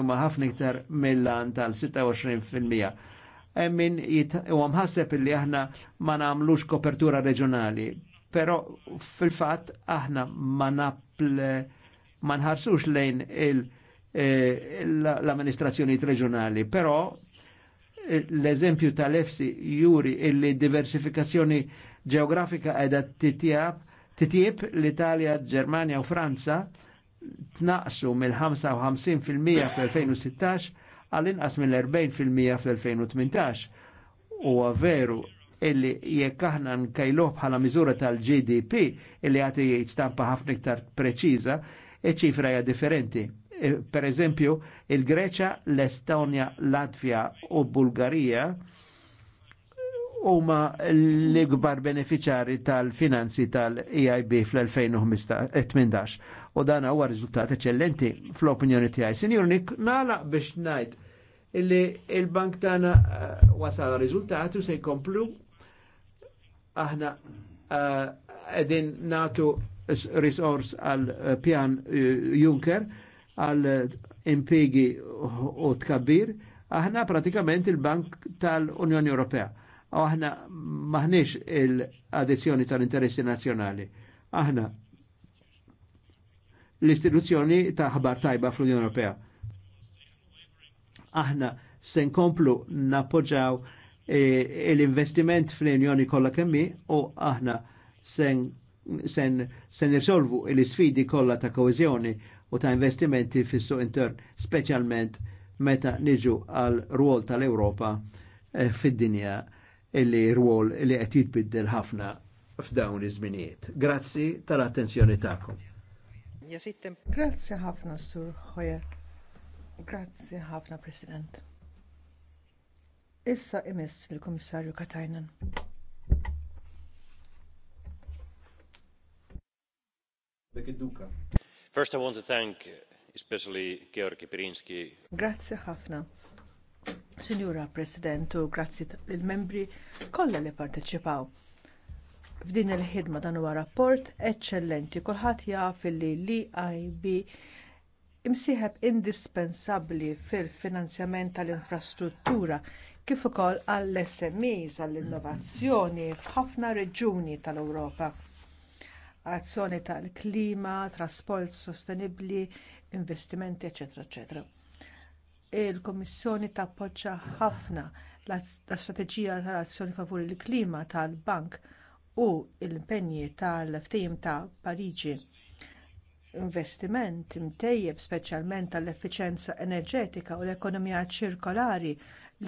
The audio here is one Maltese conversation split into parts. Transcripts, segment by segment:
huma ħafna iktar mill-lan tal-26%. Emmin u għamħaseb li aħna ma namlux kopertura reġjonali, pero fil-fat aħna ma napl ma nħarsux lejn eh, l-amministrazzjoni reġjonali, però eh, l-eżempju tal-EFSI juri illi diversifikazzjoni ġeografika edha titjab titjib l-Italja, Germania u Franza tnaqsu mill-55% fl-2016 għall-inqas mill-40% fl-2018. U veru illi jekk aħna nkajluh bħala miżura tal-GDP illi għati jitstampa ħafna iktar preċiża, iċ-ċifra hija differenti. E, per eżempju, il-Greċa, l-Estonja, Latvja u Bulgarija huma l-ikbar beneficjari tal-finanzi tal-EIB fl-2018 u dan huwa riżultat eċċellenti fl-opinjoni tiegħi. Sinjur Nik, nagħlaq biex ngħid illi il-bank tagħna eh, wasal riżultati u se jkomplu aħna eh, qegħdin nagħtu risors għal eh, pjan Juncker għal impegi u tkabbir, aħna pratikament il-Bank tal-Unjoni Ewropea. aħna maħniex il-adizjoni tal-interessi nazjonali. Aħna l-istituzzjoni ta' ħabar tajba fl-Unjoni Ewropea. Aħna se nkomplu nappoġġaw eh, l-investiment fl-Unjoni kollha kemmi u aħna sen sen, nirsolvu l isfidi kollha ta' koeżjoni u ta' investimenti fis-suq intern, speċjalment meta niġu għal ruol tal-Ewropa eh, fid-dinja illi ruol li qed jitbiddel ħafna f'dawn iż-żminijiet. Grazzi tal-attenzjoni tagħkom ja Grazie ħafna, Sur Hoyer. Grazie ħafna, President. Issa imiss lill-Kummissarju Katajnen. First I want to thank especially Georgi Pirinski. Grazie ħafna. Signora President, grazzi il-membri kollha li parteċipaw f'din il-ħidma dan huwa rapport eċċellenti. Kulħadd jaf li l-EIB imsieħeb indispensabbli fil-finanzjament tal-infrastruttura kif ukoll għall-SMEs għall-innovazzjoni f'ħafna reġjuni tal-Ewropa. Azzjoni tal-klima, trasport sostenibbli, investimenti, eċetera, eċetera. il kummissjoni tappoġġja ħafna l-istrateġija tal-azzjoni favur il-klima tal-Bank u l-impenji tal-ftehim ta' Pariġi. Investiment imtejjeb speċjalment tal-effiċenza enerġetika u l-ekonomija ċirkolari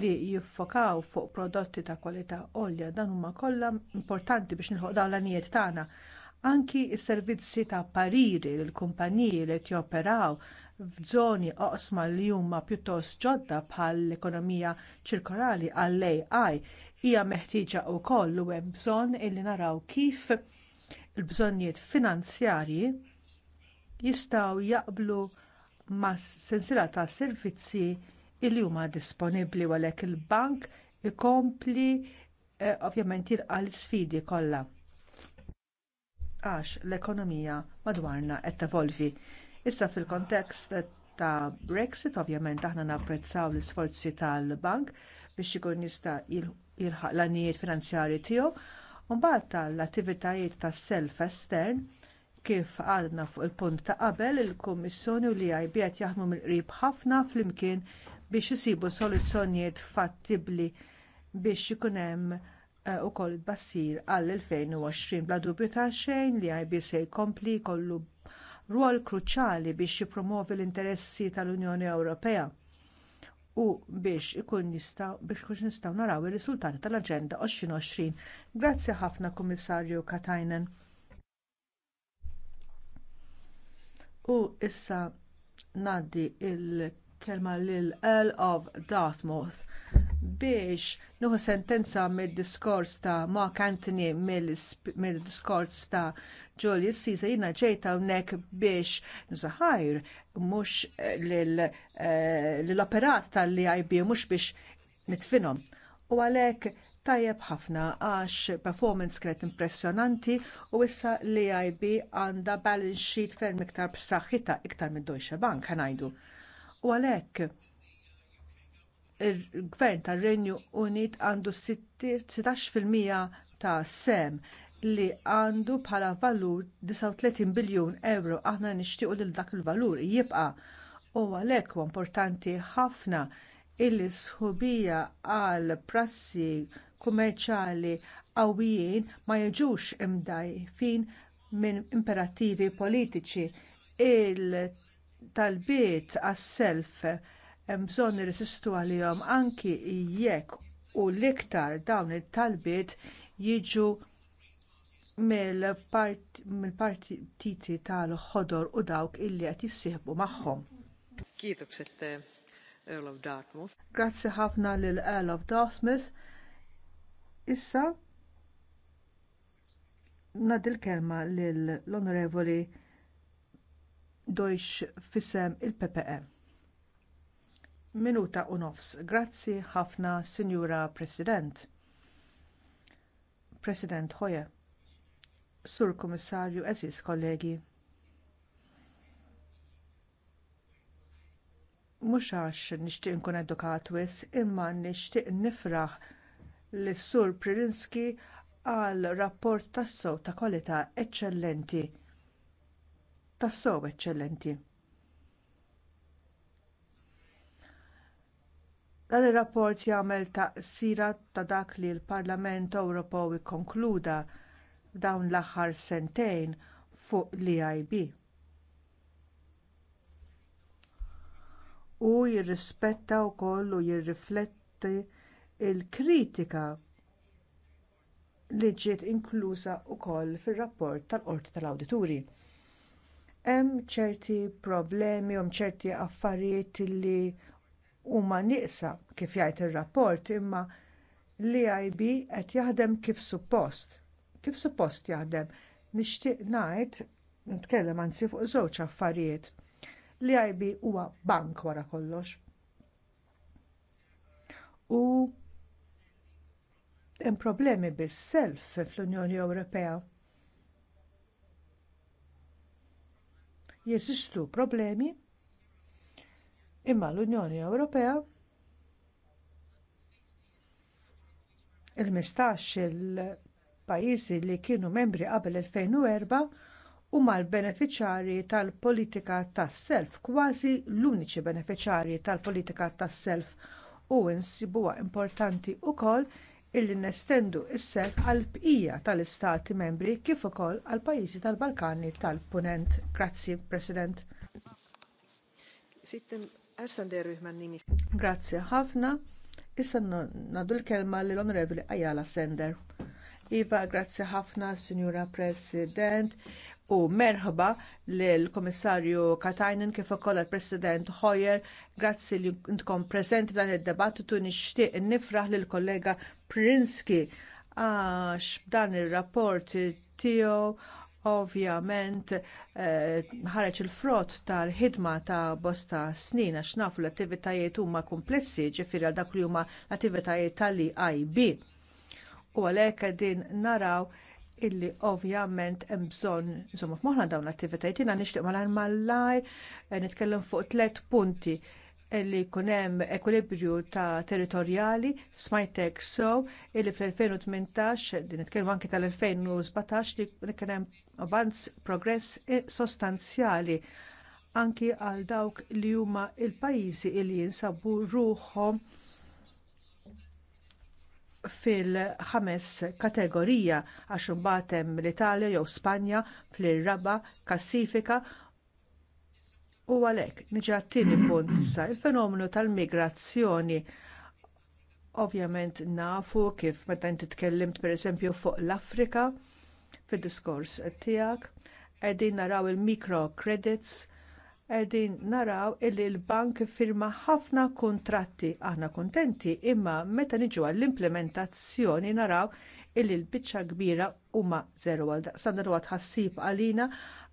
li jiffokaw fuq prodotti ta' kwalità għolja dan huma kollha importanti biex nilħuq dawn l-anijiet tagħna. Anki s servizzi ta' pariri lill kumpaniji li joperaw f'żoni oqsma li huma pjuttost ġodda bħall ekonomija ċirkolari għall-AI hija meħtieġa wkoll u hemm bżonn illi naraw kif il-bżonnijiet finanzjarji jistgħu jaqblu mas sensiela ta' servizzi li huma disponibbli għalhekk il-bank ikompli eh, ovvjament jilqa' l-isfidi kollha. Għax l-ekonomija madwarna qed tevolvi. Issa fil-kontekst ta' Brexit ovvjament aħna napprezzaw l-isforzi tal-bank biex ikun jista' jirħaq l għanijiet finanzjarji tiegħu, u mbagħad tal-attivitajiet tas-self estern kif għadna fuq il-punt ta' qabel il-Kummissjoni u li iib jaħdmu mill-qrib ħafna flimkien biex isibu soluzzjonijiet fattibbli biex ikun hemm eh, ukoll tbassir għall-2020 bla dubju ta' xejn li għajbi se jkompli jkollu rwol kruċjali biex jippromovi l-interessi tal-Unjoni Ewropea u biex ikun nistaw biex nistaw naraw ir-riżultati tal-Aġenda 2020. Grazzi ħafna Kummissarju Katajnen. U issa ngħaddi l kelma lil Earl of Dartmouth biex nuħu sentenza mid-diskors ta' Mark Anthony mill-diskors ta' Julius Caesar jina ġejta unnek biex nżaħajr mux eh, eh, l-operat tal-IB mux biex nitfinom. U għalek tajjeb ħafna għax performance kret impressjonanti u issa l-IB għanda balance sheet ferm iktar b'saħħitha iktar minn Deutsche Bank ħanajdu. U għalek il-gvern tar renju Unit għandu 16% ta' sem li għandu bħala valur 39 biljun euro. Aħna nixtiequ lil dak il-valur jibqa' u għalhekk huwa importanti ħafna il sħubija għal prassi kummerċjali qawwijin ma jiġux imdajfin minn imperattivi politiċi il-talbiet għas-self hemm bżonn nirresistu għalihom anki jekk u l-iktar dawn it-talbiet jiġu mill-partiti tal-ħodor u dawk illi qed jissieħbu magħhom. Kitokset eh, Earl of Dartmouth. Grazzi ħafna lil Earl of Dartmouth. Issa nad il-kelma lill-Onorevoli Deutsch fisem il-PPE. Minuta u nofs. Grazzi ħafna, Sinjura President. President Hoyer Sur Kummissarju, eżis kollegi. Mhux għax nixtieq inkun edukat wisq imma nixtieq nifraħ li sur Pririnski għal rapport tas-sow ta' kwalità eċċellenti. Tas-sow eċċellenti. Dan ir-rapport jagħmel taqsira ta' dak li l-Parlament Ewropew ikkonkluda f'dawn l-aħħar sentejn fuq l ib U jirrispetta wkoll u jirrifletti l kritika li ġiet inkluża wkoll fir-rapport tal-Qorti tal-Awdituri. Hemm ċerti problemi u hemm ċerti affarijiet li huma nieqsa kif jgħid ir-rapport imma l ib qed jaħdem kif suppost kif suppost jaħdem. Nixtieq ngħid nitkellem anzi fuq żewġ affarijiet. Li IB huwa bank wara kollox. U hemm problemi bis-self fl-Unjoni Ewropea. Jeżistu problemi imma l-Unjoni Ewropea il-15 il pajjiżi li kienu membri qabel 2004 huma l-benefiċjarji tal-politika tas-self kważi l-uniċi benefiċjarji tal-politika tas-self u insibuha importanti wkoll illi nestendu s-self għall bqija tal-istati membri kif ukoll għall pajjiżi tal-Balkani tal-Punent. Grazzi, President. Grazzi ħafna. Issa nagħdu l-kelma lill onorevoli Ajala Sender. Iva, grazzi ħafna, Signora President u merħba lill komissarju Katajnen kif ukoll il-President Hoyer. Grazzi li intkom preżenti f'dan id-debattitu nixtieq nifraħ lill kollega Prinski għax b'dan ir-rapport tiegħu ovvjament eh, ħareġ il-frott tal-ħidma ta' bosta snin għax nafu l-attivitajiet huma komplessi ġifieri għal dak li huma l-attivitajiet tal-IB u għalhekk qegħdin naraw illi ovvjament hemm bżonn insomma f'moħħna dawn l-attivitajiet jiena nixtieq malajr malajr eh, nitkellem fuq tliet punti illi jkun hemm ekwilibrju ta' territorjali smajtek so illi fl-2018 din nitkellmu anke tal-2017 li kien hemm avanz progress e sostanzjali anki għal dawk li huma l pajjiżi li jinsabu ruhom fil-ħames kategorija għax imbagħad hemm l-Italja jew Spanja fl-raba klassifika u għalhekk niġi għat-tieni punt issa il-fenomenu tal-migrazzjoni ovvjament nafu kif meta inti tkellimt pereżempju fuq l-Afrika fid-diskors tiegħek qegħdin naraw il credits qegħdin naraw illi l-bank firma ħafna kuntratti aħna kuntenti imma meta niġu għall-implementazzjoni naraw illi l-biċċa kbira huma zero għal daqsan huwa tħassib għalina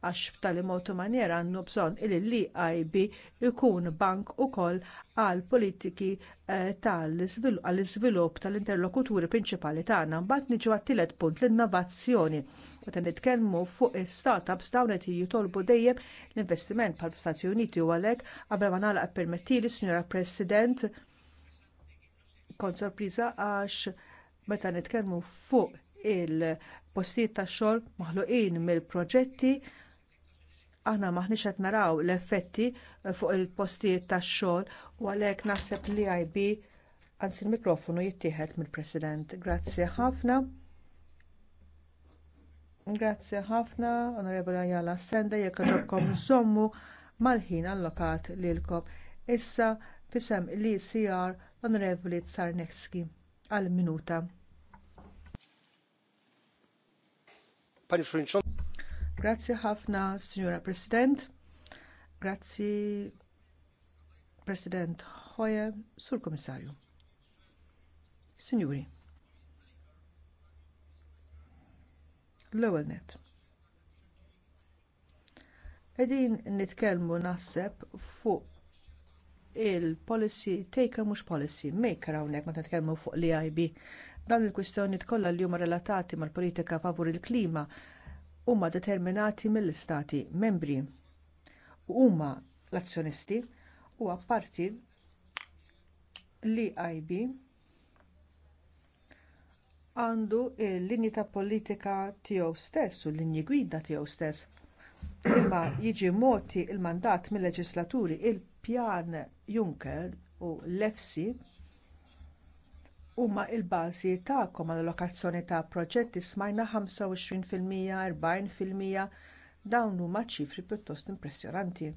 għax b'tali motu maniera għandu bżonn li l ikun bank ukoll għal politiki eh, tal-iżvilupp tal-interlokuturi prinċipali tagħna. Mbagħad niġu għat-tielet punt l-innovazzjoni. Meta nitkellmu fuq start startups dawn qed jitolbu dejjem l-investiment bħall-Stati Uniti u għalhekk qabel ma nagħlaq permettili, Sinjora President, kont sorpriża għax meta nitkellmu fuq il-postijiet tax xogħol maħluqin mill-proġetti aħna maħniex qed naraw l-effetti eh, fuq il-postijiet tax-xogħol u għalhekk naħseb li IB anzi l-mikrofonu jittieħed mill-President. Grazzi ħafna. Grazzi ħafna, Onorevoli Ajala Senda, jekk ġobkom sommu mal-ħin allokat lilkom. Issa fisem li CR Onorevoli Tsarnekski għal minuta. Grazzi ħafna, Signora President. Grazzi, President Hoje, Sur Komissarju. Signori, l-ewwel net. Qegħdin nitkellmu naħseb fuq il-policy taker mhux policy maker hawnhekk ma nitkellmu fuq li ib Dan il-kwistjoni kollha li huma relatati mal-politika favur il-klima huma determinati mill-istati membri huma l-azzjonisti u apparti l-EIB għandu l-linji ta' politika tiegħu stess u l-linji gwida tiegħu stess. Imma jiġi mogħti l mandat mill-leġislaturi il-pjan Juncker u l-EFSI huma l-bażi tagħkom għal allokazzjoni ta' proġetti smajna 25%, 40% dawn huma ċifri pjuttost impressjonanti.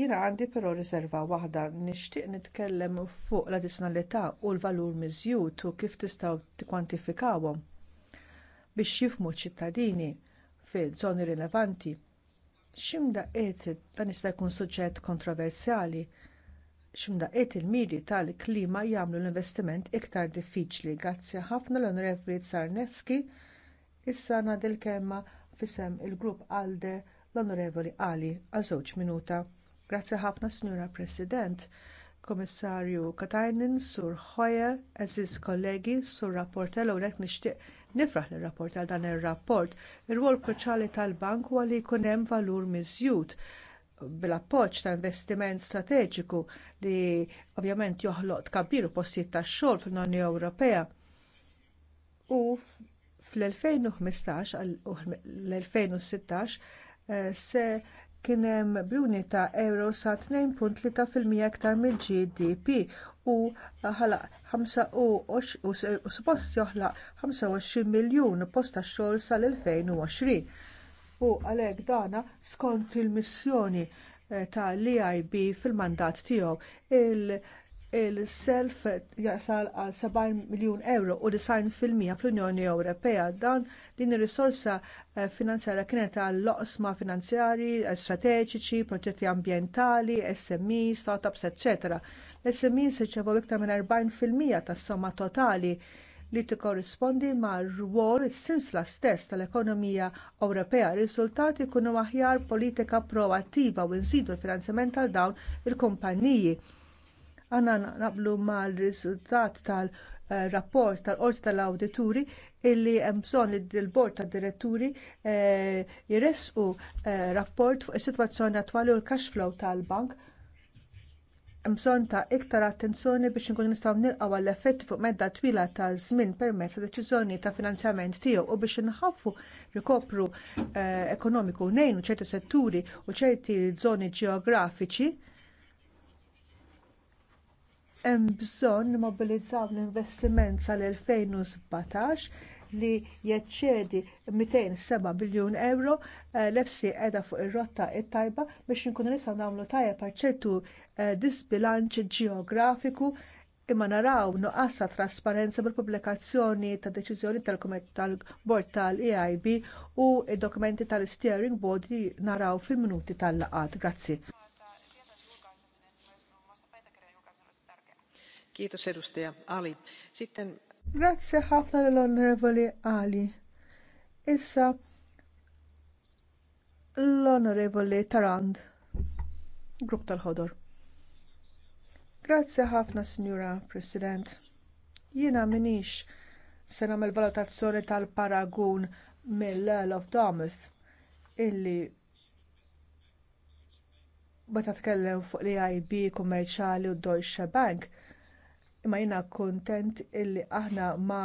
Jiena għandi però riserva waħda nixtieq nitkellem fuq l-addizzjonalità u l-valur miżjud u kif tistgħu tikkwantifikawhom biex jifhmu ċ-ċittadini fil-żoni rilevanti. X'imda qiegħed dan jista' jkun suġġett kontroversjali X'imdaqiet il-miri tal-klima jagħmlu l-investiment iktar diffiċli. Grazzi ħafna l-Onorevoli Tsarnecki. Issa ngħaddi l-kelma f'isem il-grupp ALDE l-Onorevoli Ali għal żewġ minuta. Grazzi ħafna Sinjura President, Komissarju Katajnin, Sur Hoye, eżiz kollegi, Sur Rapportello, rek nixtieq Nifraħ li rapport għal dan ir-rapport, ir-rwol kruċjali tal-bank huwa li jkun hemm valur miżjud bil-appoġġ ta' investiment strateġiku li ovvjament joħloq tkabbir u postijiet tax xogħol fl-Unjoni Ewropea. U fl-2015 l-2016 eh, se kien hemm bruni ta' euro sa 2.3% aktar mill-GDP u ħalaq 25 u suppost joħlaq 25 miljun posta xogħol sal-2020 u għalhekk dana skont il-missjoni eh, tal-EIB fil-mandat tiegħu il-self jasal għal 70 miljun euro u 90 fil-mija fl-Unjoni Ewropea. Dan din ir-risorsa eh, finanzjarja kienet għal loqsma finanzjarji, eh, strateġiċi, proġetti ambjentali, SMI, startups, etc. L-SMI se iktar minn 40 fil-mija tas-somma totali li tikkorrispondi mar rwol sinsla stess tal-ekonomija Ewropea. Riżultati jkunu aħjar politika proattiva u nżidu l-finanzjament għal dawn il-kumpaniji. Għanna naqblu mal-riżultat tal-rapport tal-qorti tal-awdituri illi hemm bżonn li l-bord tad diretturi eh, jressqu eh, rapport fuq is-sitwazzjoni attwali u l-cash flow tal-bank bżonn ta' iktar attenzjoni biex inkunu nistgħu nilqgħu għall-effetti fuq medda twila ta' żmien permezz ta' deċiżjoni ta' finanzjament tiegħu u biex inħaffu rikopru eh, ekonomiku u ċerti setturi u ċerti żoni ġeografiċi hemm bżonn nimmobilizzaw l-investiment sal-2017 li jeċċedi 207 biljun euro eh, l-EFSI qiegħda fuq ir-rotta it tajba biex inkunu nistgħu nagħmlu tajjeb għal ċertu Eh, disbilanċ ġeografiku imma naraw nuqqas ta' trasparenza bil-pubblikazzjoni ta' deċiżjoni tal-Bord tal-EIB u dokumenti tal-Steering Board li naraw fil-minuti tal laqad Grazzi. Kiitos edustaja Ali. Sitten... Grazie ħafna l-Onorevoli Ali. Issa l-Onorevoli Tarand, grupp tal-ħodor. Grazzi ħafna, Sinjura President. Jiena minix se nagħmel valutazzjoni tal-paragun mill-Earl of Thomas illi meta tkellem fuq li IB kummerċjali u Deutsche Bank imma jiena kuntent illi aħna ma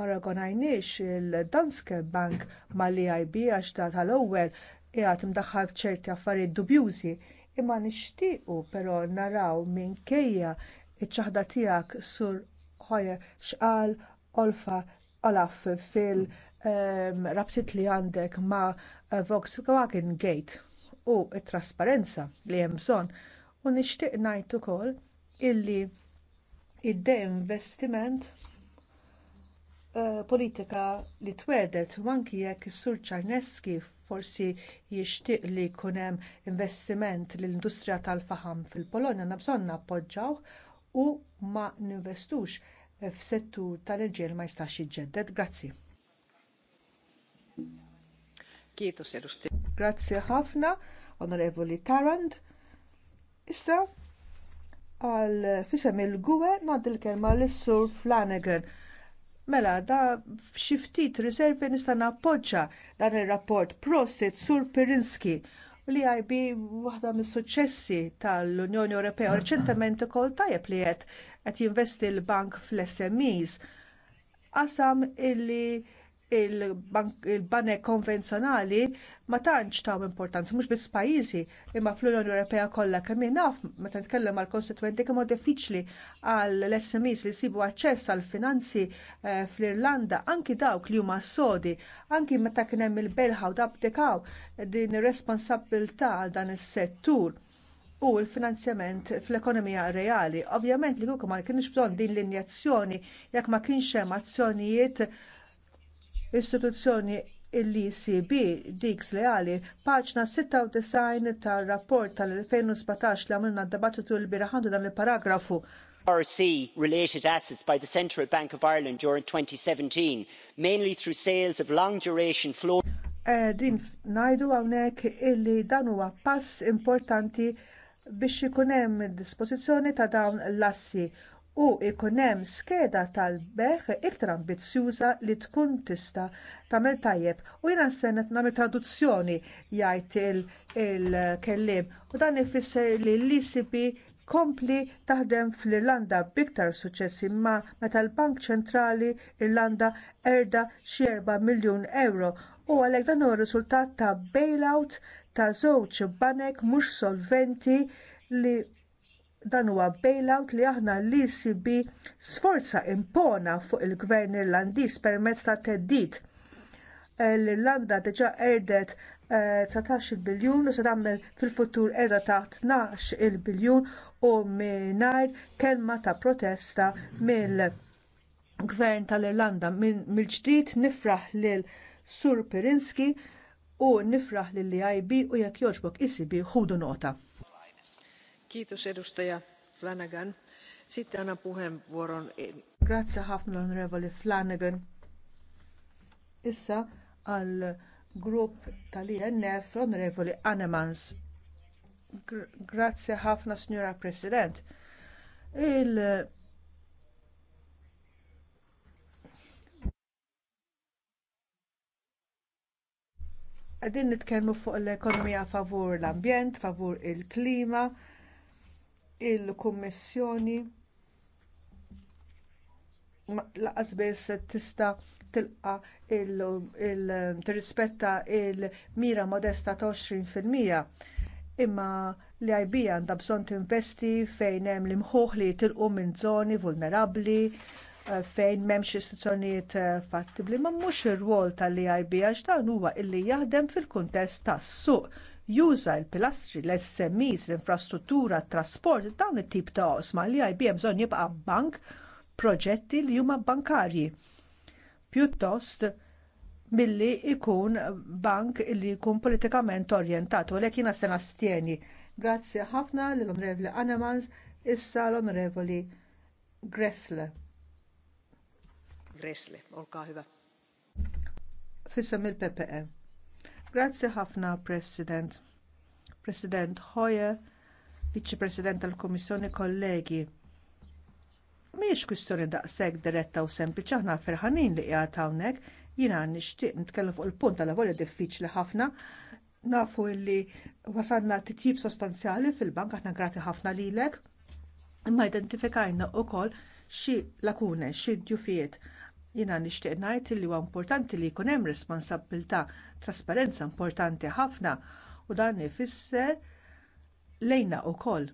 paragonajniex il-Danske Bank mal ib għax ta' tal-ewwel qiegħed imdaħħal f'ċerti affarijiet dubjużi imma nixtiequ però naraw minkejja ċ ċaħda tiegħek sur ħoja xqal olfa olaf fil-rabtit ehm, li għandek ma' Volkswagen Gate u t trasparenza li hemm bżonn u nixtieq ngħid ukoll illi id-deinvestiment eh, politika li twedet u anki jekk is-sur Czarneski forsi jixtieq li jkun hemm investiment lill industrija tal-faħam fil-Polonja na bżonn nappoġġaw u ma ninvestux f'settur tal-irġiel ma jistax jiġġedded. Grazzi. Kieto, Kietos Grazzi ħafna, Onorevoli Tarand. Issa għal fisem il-gwe nad il-kelma l-sur Flanagan Mela, da xi ftit riservi nista' nappoġġa dan ir-rapport Prosit Sur Pirinski li għajbi waħda mis suċċessi tal-Unjoni Ewropea reċentement ukoll tajjeb li qed qed jinvesti l-bank fl-SMEs qasam illi il-banek konvenzjonali ma tantx ta' importanza mhux biss pajjiżi imma fl-Unjoni Ewropea kollha kemm naf meta nitkellem mal konstituenti kemm diffiċli għal SMEs li jsibu aċċess għal finanzi eh, fl-Irlanda anki dawk li huma sodi anki meta kien hemm il-belħa u dabdikaw din ir-responsabilità għal dan is-settur u l-finanzjament fl-ekonomija reali. Ovvjament li kukum ma kienx bżonn din l-injazzjoni jekk ma kienx hemm azzjonijiet istituzzjoni l ecb dik leali paċna 96 tar rapport tal-2017 li għamilna d-dibattitu l-bira dan il-paragrafu RC related assets by the Central Bank of Ireland during 2017, mainly through sales of long duration flow. Eh, din ngħidu hawnhekk illi dan huwa pass importanti biex ikun hemm id-dispożizzjoni ta' dawn l-assi u jkun hemm skeda tal-beħ iktar ambizzjuża li tkun tista' tagħmel tajjeb u jiena nstennet nagħmel traduzzjoni jgħid il-kelliem u dan ifisser li l-ICP kompli taħdem fl-Irlanda b'iktar suċċess imma meta l-Bank Ċentrali Irlanda erda xi miljun euro u għalhekk dan huwa riżultat ta' bailout ta' żewġ banek mhux solventi li dan huwa bailout li aħna l ecb sforza impona fuq il-gvern irlandiż permezz ta' teddid. L-Irlanda diġà erdet 19 eh, biljun u se tagħmel fil-futur erda ta' 12 il biljun u mingħajr kelma ta' protesta mill-gvern tal-Irlanda mill-ġdid nifraħ lil Sur Pirinski u nifraħ lill-IB u jekk jogħġbok isibi e ħudu nota. Kiitos edustaja Flanagan. E- grazie ħafna l-Onorevoli Flanagan. Issa għal grupp tal-INF l-Onorevoli Annemans. Grazie ħafna, Signora President. Il Għadin nitkellmu fuq l-ekonomija favur l-ambjent, favur il-klima, il-Kummissjoni laqas biss tista' tilqa tirrispetta l mira modesta ta' 20% imma li għajbija għandha bżonn tinvesti fejn hemm l-imħuħ li jitilqu minn żoni vulnerabbli eh, fejn m'hemmx istituzzjonijiet eh, fattibbli ma mhux ir-rwol tal-EIB x'dan huwa illi jaħdem fil-kuntest tas-suq juża l-pilastri, l-SMEs, l-infrastruttura, t-trasport, dawn it-tip ta' osma li IBM bżonn jibqa' bank proġetti li huma bankarji. Pjuttost milli ikun bank li jkun politikament orjentat, u jiena se nastieni. Grazzi ħafna l-Onorevoli Anemans, issa l-Onorevoli Gressle. Gressle, olka ħiva. Fissam il-PPE. Grazzi ħafna, President. President Hoyer, Viċi President tal-Kummissjoni kollegi. Mhijiex kwistjoni daqshekk diretta u sempliċi aħna ferħanin li qiegħed hawnhekk, jiena nixtieq nitkellem fuq il-punt tal volja diffiċli ħafna. Nafu li wasalna titjib sostanzjali fil-bank aħna grati ħafna lilek, imma identifikajna wkoll xi lakune, xi djufiet. Jiena nixtieq ngħid li huwa importanti li jkun hemm responsabbiltà, trasparenza importanti ħafna u dan ifisser lejna wkoll.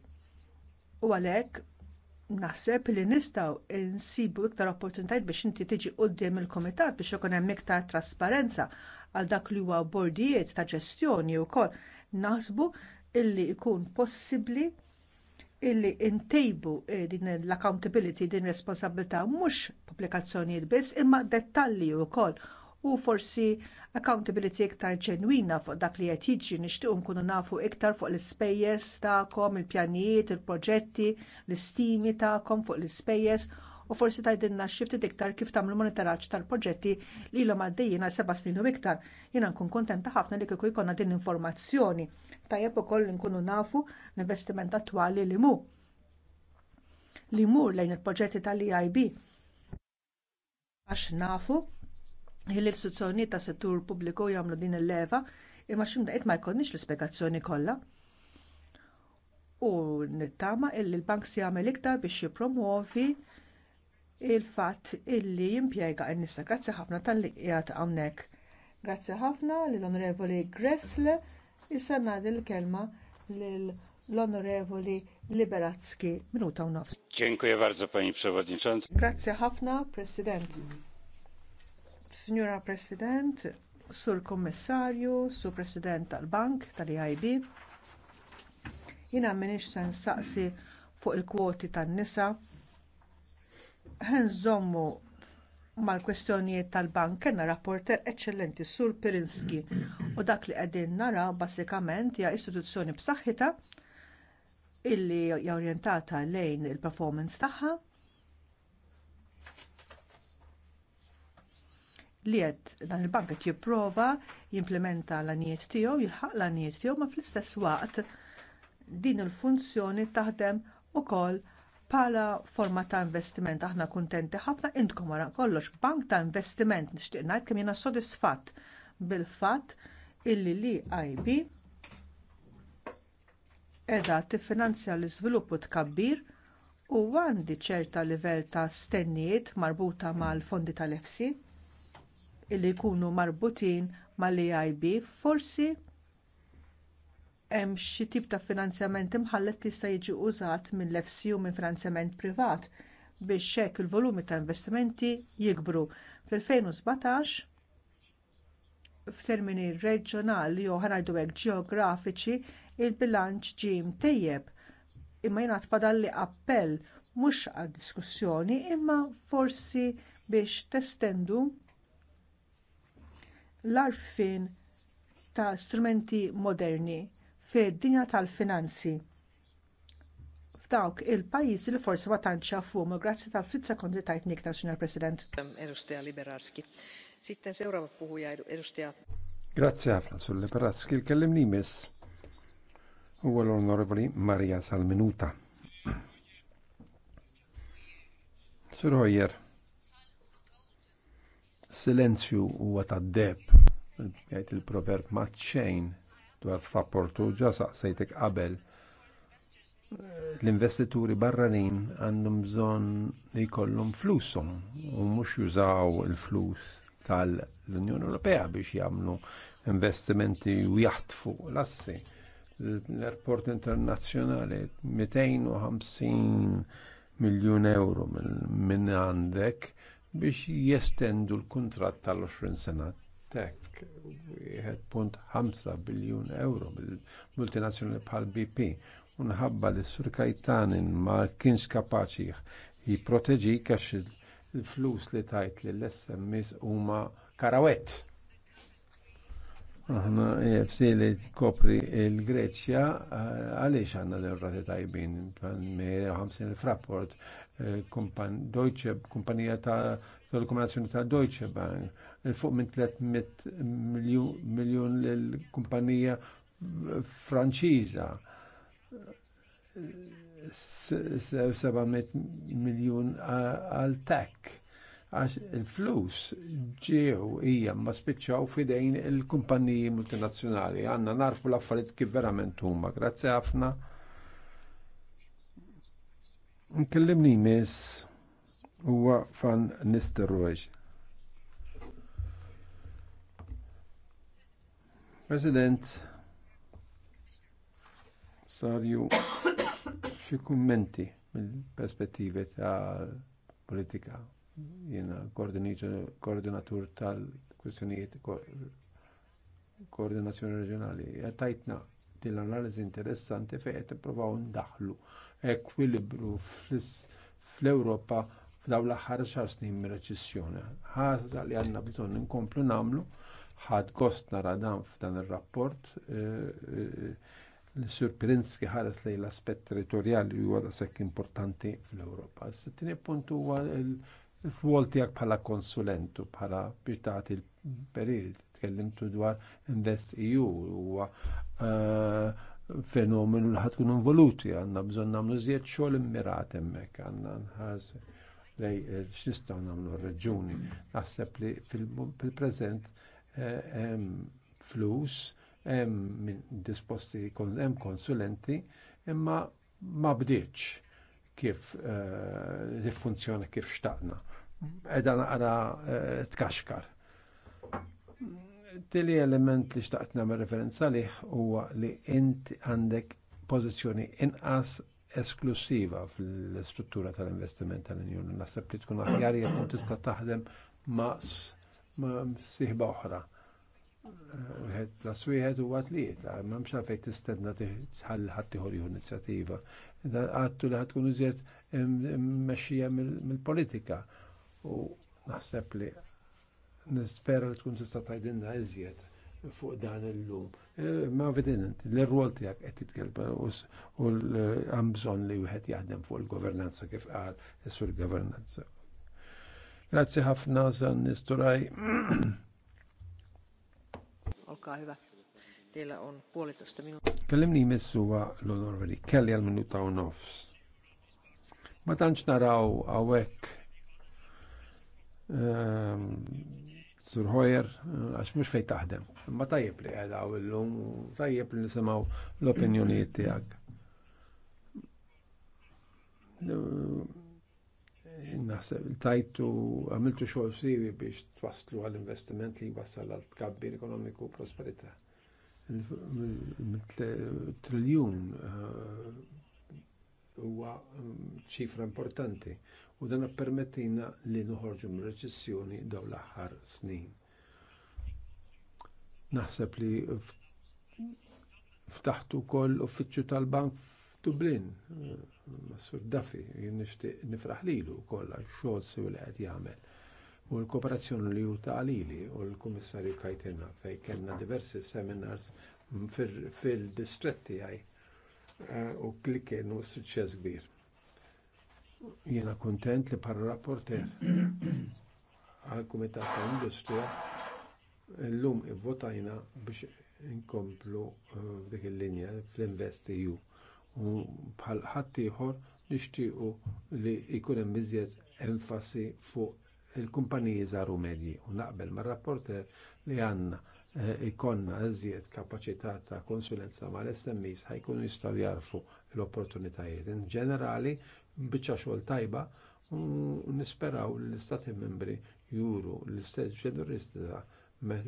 U għalhekk naħseb li nistgħu insibu iktar opportunitajiet biex inti tiġi quddiem il-kumitat biex ikun hemm iktar trasparenza għal dak li huwa bordijiet ta' ġestjoni wkoll naħsbu illi jkun possibbli illi ntejbu eh, din l-accountability, din responsabilità, mhux pubblikazzjonijiet biss, imma dettalji wkoll u forsi accountability iktar ġenwina fuq dak li qed jiġi nixtiequ nkunu nafu iktar fuq l-ispejjeż tagħkom, il-pjanijiet, il-proġetti, l-istimi tagħkom fuq l-ispejjeż u forsi tajdinna xifti iktar kif tagħmlu monitoraġġ tal-proġetti li ilhom għaddejjin għal seba' snin u iktar. Jiena nkun kontenta ħafna li kieku jkollna din informazzjoni. Tajjeb ukoll nkunu nafu l-investiment attwali li mu li mur lejn il-proġetti tal-EIB. Għax nafu li l-istituzzjonijiet ta' settur pubbliku jagħmlu din il-leva imma x'imdaqt ma jkollniex l-ispjegazzjoni kollha. U nittama illi l-bank se jagħmel iktar biex jipromuovi il-fatt illi jimpjega n-nisa. Grazzi ħafna tal-li qiegħed hawnhekk. Grazzi ħafna lill-Onorevoli Gressle issa ngħaddi l-kelma lill-Onorevoli Liberacki minuta u nofs. Dziękuję bardzo pani przewodnicząca. Grazzi ħafna, President. Signora President, Sur Kommissarju, Sur President tal-Bank tal-EIB. Jiena m'iniex se nsaqsi fuq il-kwoti tan-nisa nżommu mal-kwestjonijiet tal-bank kellna rapporter eċċellenti sur Pirinski u dak li qegħdin naraw bażikament hija istituzzjoni b'saħħitha illi hija orjentata lejn il-performance tagħha li qed dan il-bank qed jipprova jimplementa l-anijiet tiegħu, jilħaq l-anijiet tiegħu ma fl-istess waqt din il-funzjoni taħdem ukoll bħala forma ta' investiment aħna kuntenti ħafna intkom wara kollox bank ta' investiment nixtieq ngħid kemm jiena sodisfatt bil-fatt illi li IB qiegħda tiffinanzja l-iżvilupp u tkabbir u għandi ċerta livell ta' stennijiet marbuta mal-fondi tal-EFSI illi jkunu marbutin mal-EIB forsi hemm xi tip ta' finanzjament imħallet li jista' jiġi użat mill-FCU minn finanzjament privat biex hekk il-volumi ta' investimenti jikbru. Fl-2017 f'termini reġjonali jew ħanajdu hekk ġeografiċi il-bilanċ ġie mtejjeb imma jingħad li appell mhux għad diskussjoni imma forsi biex testendu l għarfien ta' strumenti moderni fid-dinja tal-finanzi f'dawk il-pajjiżi li forsi ma tantx jafuhom. Grazzi tal ftit sekondi tajt niktar, Sinjor President. Edustaja Liberarski. Sitten seuraava puhuja edustaja. Grazzi ħafna sul Liberarski. Il-kellim miss huwa l-Onorevoli Marija Salminuta. Sur Hoyer, silenzju huwa tad-deb, jgħid il-proverb ma' ċejn dwar ġa saqsejtek qabel l-investituri barranin għandhom bżonn li jkollhom flushom u mhux jużaw il-flus tal-Unjoni Ewropea biex jagħmlu investimenti u jaħtfu l-assi. L-airport internazzjonali 250 miljun euro minn għandek biex jestendu l kuntratt tal-20 sena. Tek għalhekk 1.5 biljun euro bil multinazzjonali bħal BP unħabba li s-sur Kajtanin ma kienx kapaċi jiproteġi kax il-flus li tajt li l-SMS u ma karawet. Aħna EFC li kopri il-Greċja eh, għalix għanna l-rati tajbin, me 50 il-frapport, eh, Deutsche, kumpanija ta' rekomendazzjoni ta' Deutsche Bank, fuq minn 300 miljon l-kumpanija franċiża, 700 miljon għal tech għax il-flus ġew hija ma spiċċaw fidejn il-kumpaniji multinazzjonali. Għanna narfu l-affarijiet kif verament huma. Grazzi ħafna. Nkellimni miss huwa Van Nistelrooy. President, sarju xie kummenti mill-perspettivi ta' politika. Jiena koordinatur tal-kwistjonijiet koordinazzjoni regionali. E tajtna din l-analiżi interessanti fejn provaw ndaħlu ekwilibru fl-Ewropa fl europa fl f'dawn l-aħħar xar snin minn reċessjoni. Ħaġa li għandna bżonn inkomplu namlu, ħad gost nara dan f'dan ir-rapport l-Sur eh, eh, eh, Pirinski ħares lejn l-aspett territorjali huwa sekk importanti fl-Ewropa. S-tieni punt huwa l-rwol tiegħek bħala konsulentu, bħala biex tagħti l-period, tkellimtu dwar Invest EU huwa fenomenu li ħatkun involuti, għanna bżon namlu zjed xogħol immirat hemmhekk, għandna nħarsu lej eh, xnistaw nagħmlu r-reġuni. Naħseb li fil-preżent eh, hemm flus, hemm disposti hemm konsulenti, imma ma bdiċ kif tiffunzjona eh, kif xtaqna. Edha naqra tkaxkar. Tili element li xtaqt nagħmel referenza liħ huwa li inti għandek pożizzjoni inqas esklusiva fl-istruttura tal-investiment tal-Unjoni. Naħseb li tkun aħjar jekk tista' taħdem ma' siħba oħra. Eh, wieħed plus wieħed huwa tlieta, eh, m'hemmx għalfejn tistenna tħall ħadd ieħor inizjattiva. Għattu li ħadkun iżjed mmexxija mill-politika u naħseb li nispera li tkun tista' tgħidilna iżjed fuq dan il-lum. Eh, ma vedin, l-rwol tijak qed titkellba u l bżonn li wieħed jaħdem fuq il-governanza kif għal qal sur governanza. Grazie ħafna san nisturaj. Olkaa hyvä. Teillä un puolitoista minuuttia. Kellimni jmessu għa l-onorveri, onor kelli għal-minuta un nofs. Ma tanċ naraw għawek ehm, Sur Hoyer, għax mux fej taħdem. Ma tajjeb li għedha u l-lum, tajjeb li nisimaw l-opinjoniet tijak. Naħseb, tajtu, għamiltu xoħl siwi biex twaslu għal investiment li jwassal għal tkabbir ekonomiku u prosperita. Triljun eh, huwa mm, ċifra importanti u dan permettina li nħorġu mir-reċessjoni dawn l-aħħar snin. Naħseb li ftaħtu wkoll uffiċċju tal-bank f'Dublin, Massur Dafi, jien nixtieq nifraħ lilu wkoll għal xogħol sew li qed jagħmel u l-kooperazzjoni li ju taqlili u l-Kummissarju Kajtina fejn kellna diversi seminars fil-distretti għaj eh, u s-sucċess kbir. Jiena kuntent li par rapporter għal kumitat ta' industrija l-lum ivvotajna biex inkomplu eh, dik il-linja fl-Invest EU u bħal ħadd ieħor nixtiequ li jkun hemm iżjed enfasi fuq il-kumpaniji żaru medji u naqbel mar-rapporter li għandna eh, ikonna iżjed kapaċità ta' konsulenza mal smes ħajkunu jistgħu jarfu l-opportunitajiet. In ġenerali, biċċa xogħol tajba u nisperaw l-istati membri juru l-istess ġenerista eh,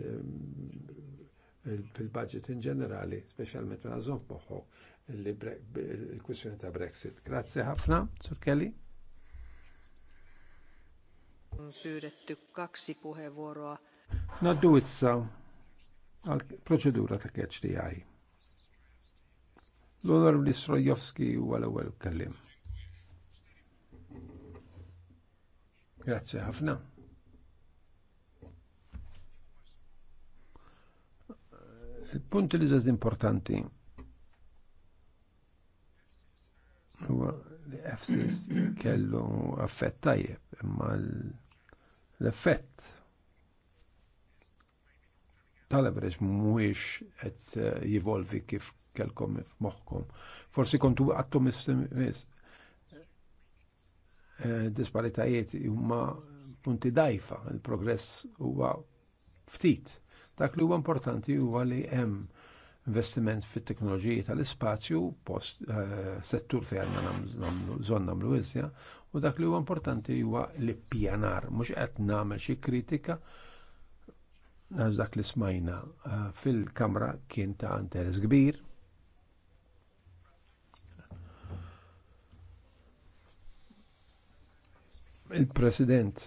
fil-budget in ġenerali, speċjalment ma' mela għazon f'moħħok il-kwissjoni ta' Brexit. Grazie ħafna, Sur Kelly. Syydetty kaksi puheenvuoroa. Naddu issa għal proċedura ta' catch DI. L-onorevoli Strojowski u għal ewwel kellim. Grazie ħafna. Il-punt li zaż importanti huwa li FCS kellu affett tajjeb imma l-effett tal-average mhuwiex qed jivolvi kif kelkom f'moħħkom. Forsi kontu għattu missimist Eh, disparitajiet huma punti dajfa, il-progress huwa ftit. Dak li huwa importanti huwa li hemm investiment fit-teknoloġiji tal-ispazju post eh, settur fejn nagħmlu żon namlu iżja, u dak li huwa importanti huwa li pjanar mhux qed nagħmel xi kritika għax dak li smajna eh, fil-kamra kien ta' interess kbir il-President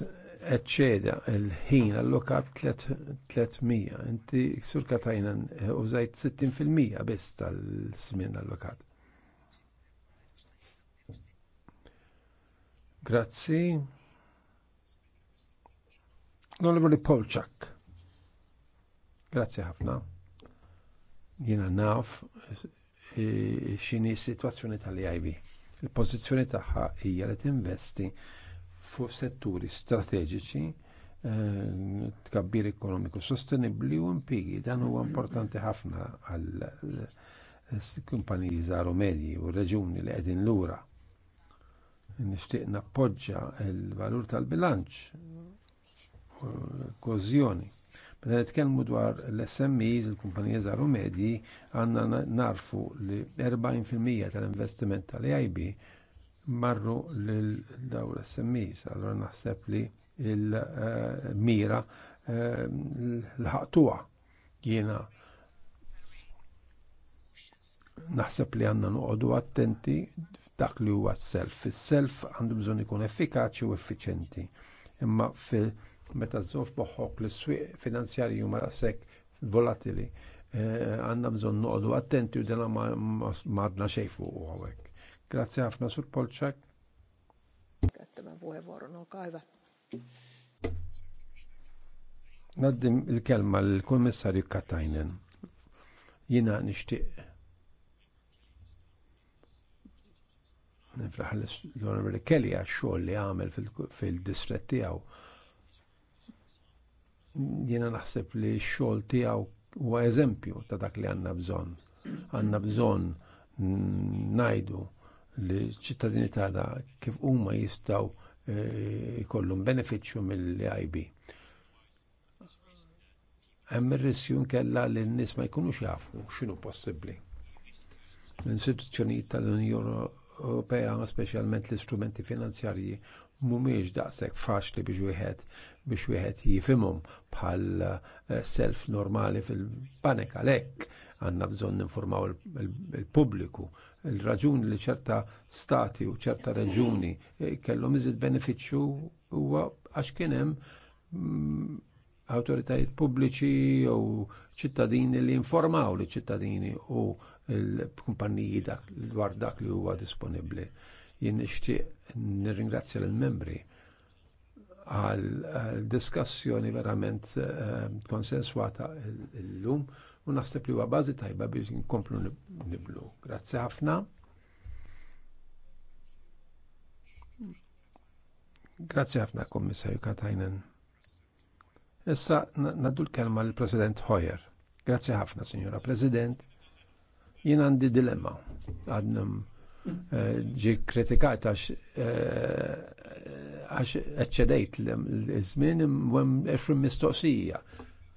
eċċeda il-ħin allokat 300. Inti sur katajna użajt 60% biss tal-żmien allokat. Grazzi. L-Onorevoli Polczak. Grazzi ħafna. Jiena naf e, xini situazzjoni tal-IB. Il-pozizjoni tagħha hija li tinvesti fuq setturi strateġiċi eh, tkabbir ekonomiku sostenibli u impigi. Dan huwa importanti ħafna għal eh, kumpaniji żgħar u medji u reġuni li qegħdin lura. Nixtieq nappoġġa l-valur tal-bilanċ kozjoni. Meta nitkellmu dwar l-SMEs, il-kumpanija żgħar u medji, għandna narfu li 40% tal-investiment tal-EIB marru lil daw l-SMEs, allora naħseb li il-mira eh, l-ħaqtuwa jiena naħseb li għanna nuqodu attenti dak li huwa s-self. Is-self għandu bżonn ikun effikaċi u effiċenti. Imma fil meta żżof boħok li s-swieq finanzjarji huma rasek volatili eh, għandna bżonn noqogħdu attenti u dela ma għadna xejfu u għawek. Grazzi ħafna sur Polczak. Naddim il-kelma l-Kommissarju Katajnen. Jina nishtiq. Nifraħ l-Onorevoli Kelly għax-xogħol li għamel fil-distret tiegħu. Jina naħseb li x-xogħol tiegħu huwa eżempju ta' dak li għandna bżonn. Għandna bżonn ngħidu li ċittadini tagħna kif huma jistgħu eh, jkollhom benefiċċju mill-IB. Hemm ir-riskju nkella li n-nies ma jkunux jafu x'inhu possibbli. L-istituzzjonijiet tal-Unjoni Ewropea, speċjalment l-istrumenti finanzjarji, mhumiex daqshekk faċli biex wieħed biex wieħed jifhimhom bħal eh, self normali fil panek għalhekk għandna bżonn ninformaw il-pubbliku il il raġuni li ċerta stati u ċerta reġuni e, kellhom iżid benefiċċju huwa għax kien hemm mm, awtoritajiet pubbliċi u ċittadini li informaw li ċittadini u l-kumpanniji dak dwar dak li huwa disponibbli. Jien nixtieq nirringrazzja lill-membri għal diskussjoni verament e, konsenswata l-lum u naħseb li huwa bażi tajba biex nkomplu niblu. Grazzi ħafna. Grazzi ħafna Kommissarju Katajnen. Issa naddu l-kelma l-President Hoyer. Grazzi ħafna, Signora President. Jien għandi dilemma. Għadnum eh, ġi kritikat għax eh, għax eċċedejt l-izmin imma mistoqsija.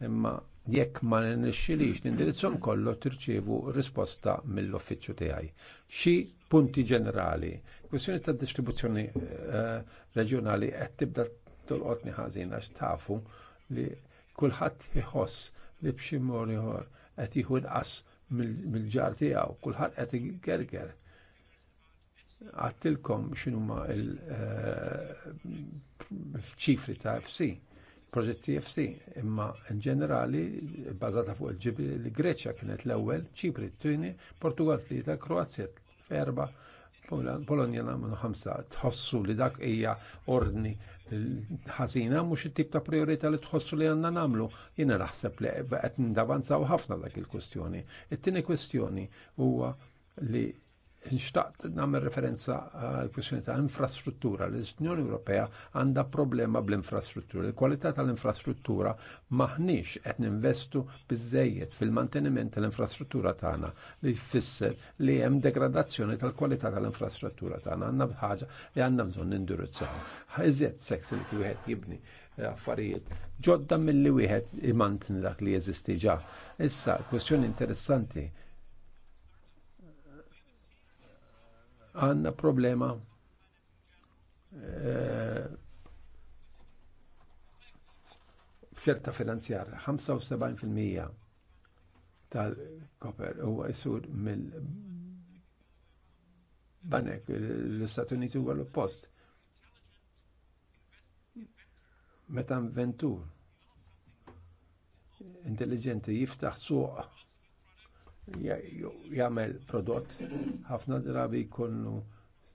Imma Jekk ma nixxilix l-indirizzom kollu tirċievu risposta mill-uffiċċju tiegħi. Xi punti ġenerali. Kwestjoni ta' distribuzzjoni eh, reġjonali qed tibda tolqotni ħażin għax tafu li kulħadd iħoss li b'xi mod ieħor qed jieħu inqas mill-ġar tiegħu, kulħadd qed igerger. Għattilkom x'inhuma l-ċifri eh, ta' FC proġetti FC, imma in ġenerali bbażata fuq il-ġibri li greċja kienet l-ewwel, Ċipri t-tieni, Portugal tlieta, Kroazja t-erba, Polonja nagħmlu ħamsa. Tħossu li dak hija ordni ħażina mhux it-tip ta' priorità li tħossu li għandna nagħmlu. Jiena naħseb li qed nindavanzaw ħafna dak il-kwestjoni. It-tieni kwestjoni huwa li nxtaqt nagħmel referenza għal kwestjoni ta' infrastruttura. L-Unjoni Ewropea għandha problema bl-infrastruttura. Il-kwalità tal-infrastruttura maħniex qed ninvestu biżejjed fil-manteniment tal-infrastruttura tagħna li jfisser li hemm degradazzjoni tal-kwalità tal-infrastruttura tagħna. Għandna ħaġa li għandna bżonn nindirizzaw. Iżjed seks li wieħed jibni eh, affarijiet. Ġodda mill-li wieħed imantni dak li jeżisti ġa. Issa, kwestjoni interessanti għanna problema eh, fjerta finanzjarja. 75% tal-koper u jisur mill-banek, l-Istati Uniti huwa l-oppost. Meta inventur intelligenti jiftaħ suq jagħmel prodott ħafna drabi jkunu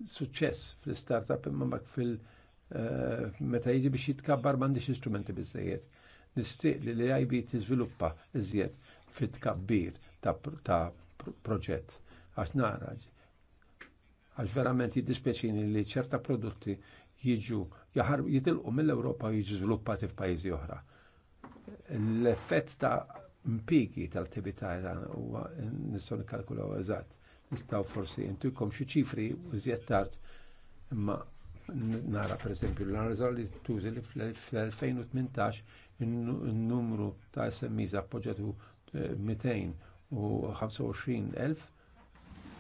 suċċess fl-startup imma mak fil- eh, meta jiġi biex jitkabbar m'għandix istrumenti biżejjed. Nistiq li l-IB tiżviluppa iżjed fit-tkabbir ta' proġett għax nara għax verament jiddispeċini li ċerta prodotti jiġu jitilqu mill-Ewropa jiġu żviluppati f'pajjiżi oħra. L-effett ta' mpiki tal-attività huwa nistgħu nikkalkulaw eżatt. Nistgħu forsi intukom xi ċifri użjed tard imma nara per esempio l-analiżaw li tużi li fl-2018 il numru ta' SMEs appoġġatu 225,000 eh,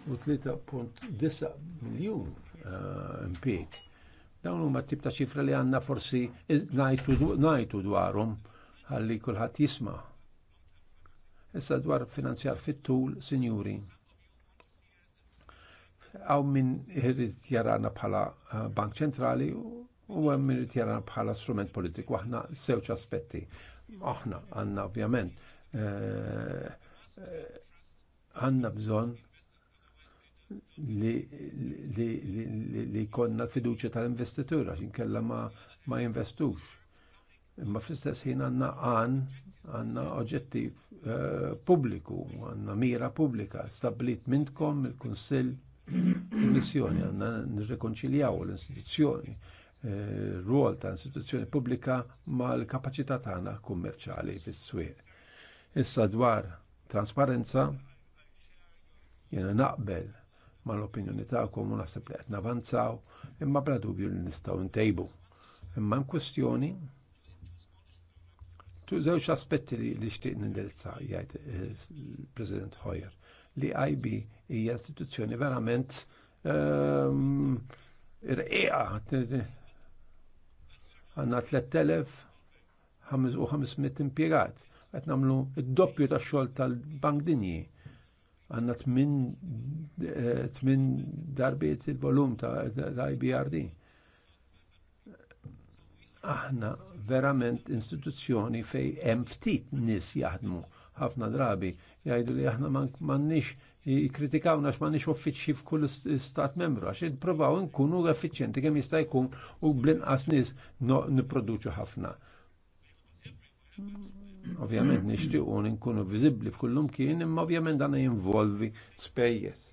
u 3.9 miljun eh, impik. Dawn huma tip ta' ċifra li għandna forsi najtu dwarhom ħalli kulħadd jisma' Issa dwar finanzjar fit-tul, sinjuri. Għaw minn irrit jarana bħala eh, Bank Ċentrali u għem minn irrit jarana bħala strument politiku. Aħna żewġ aspetti. Aħna għanna ovvjament eh, għanna bżon li konna fiduċa tal-investitura, xinkella ma jinvestux. Imma fl-istess ħin għanna għan għanna oġġettiv eh, pubbliku, għanna mira pubblika, stablit mintkom il-Kunsill il-missjoni, għanna nirrekonċiljaw l-istituzzjoni, eh, r ta' istituzzjoni pubblika mal-kapacità tagħna kummerċali fis-swieq. Issa dwar trasparenza, jena naqbel mal-opinjoni ta'kom u naħseb li qed navanzaw, imma bla dubju li nistgħu ntejbu. Imma kwestjoni Tu żewġ aspetti li li xtiq nindirizza jgħid il-President eh, Hoyer li IB hija istituzzjoni verament irqiqa ehm, Għanna 3500 impiegat. Għet namlu id doppju ta' xogħol tal-Bank Dinji għanna 8 eh, darbiet il-volum ta' IBRD aħna verament instituzzjoni fej hemm ftit nies jaħdmu ħafna drabi jgħidu li aħna m'għandniex jikkritikawna għax m'għandniex uffiċċji f'kull stat membru għax jippruvaw nkunu effiċjenti kemm jista' jkun u blinqas nies nipproduċu ħafna. Ovvjament nixtiequ nkunu viżibbli f'kullum kien, imma ovvjament dan jinvolvi spejjeż.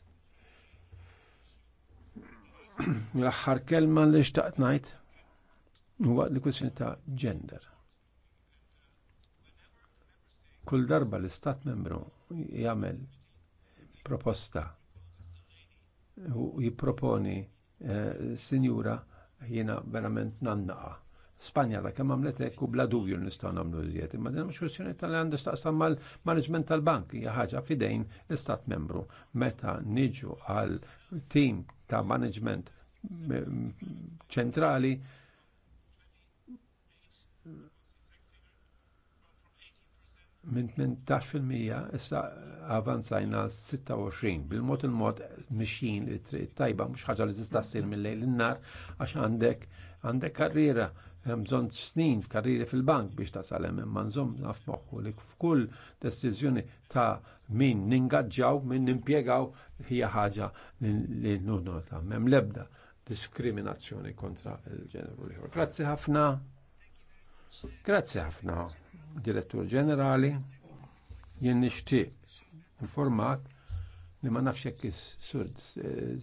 L-aħħar kelma li xtaqt ngħid huwa l-kwistjoni ta' gender. Kull darba l-istat membru jagħmel proposta u jipproponi eh, sinjura jiena verament nannaqa. Spanja da kemm għamlet hekk u bla dubju nistgħu nagħmlu iżjed, imma din mhux kwistjoni tal għandu staqsam mal-management tal-bank hija ħaġa fidejn l-istat membru. Meta niġu għal tim ta' management eh, ċentrali, minn 18% issa avanzajna 26 bil-mod il-mod mixjin tajba mhux ħaġa li tista' ssir mill-lejl in-nar għax għandek għandek karriera hemm bżonn snin f'karrieri fil-bank biex ta' salem imma nżomm naf moħħu li f'kull deċiżjoni ta' min ningaġġaw, min nimpiegaw hija ħaġa li nunota. M'hemm l-ebda diskriminazzjoni kontra il-ġeneru liħor. Grazzi ħafna. Grazzi ħafna, Direttur Ġenerali, jien nixtieq informat li ma nafx jekk is-sur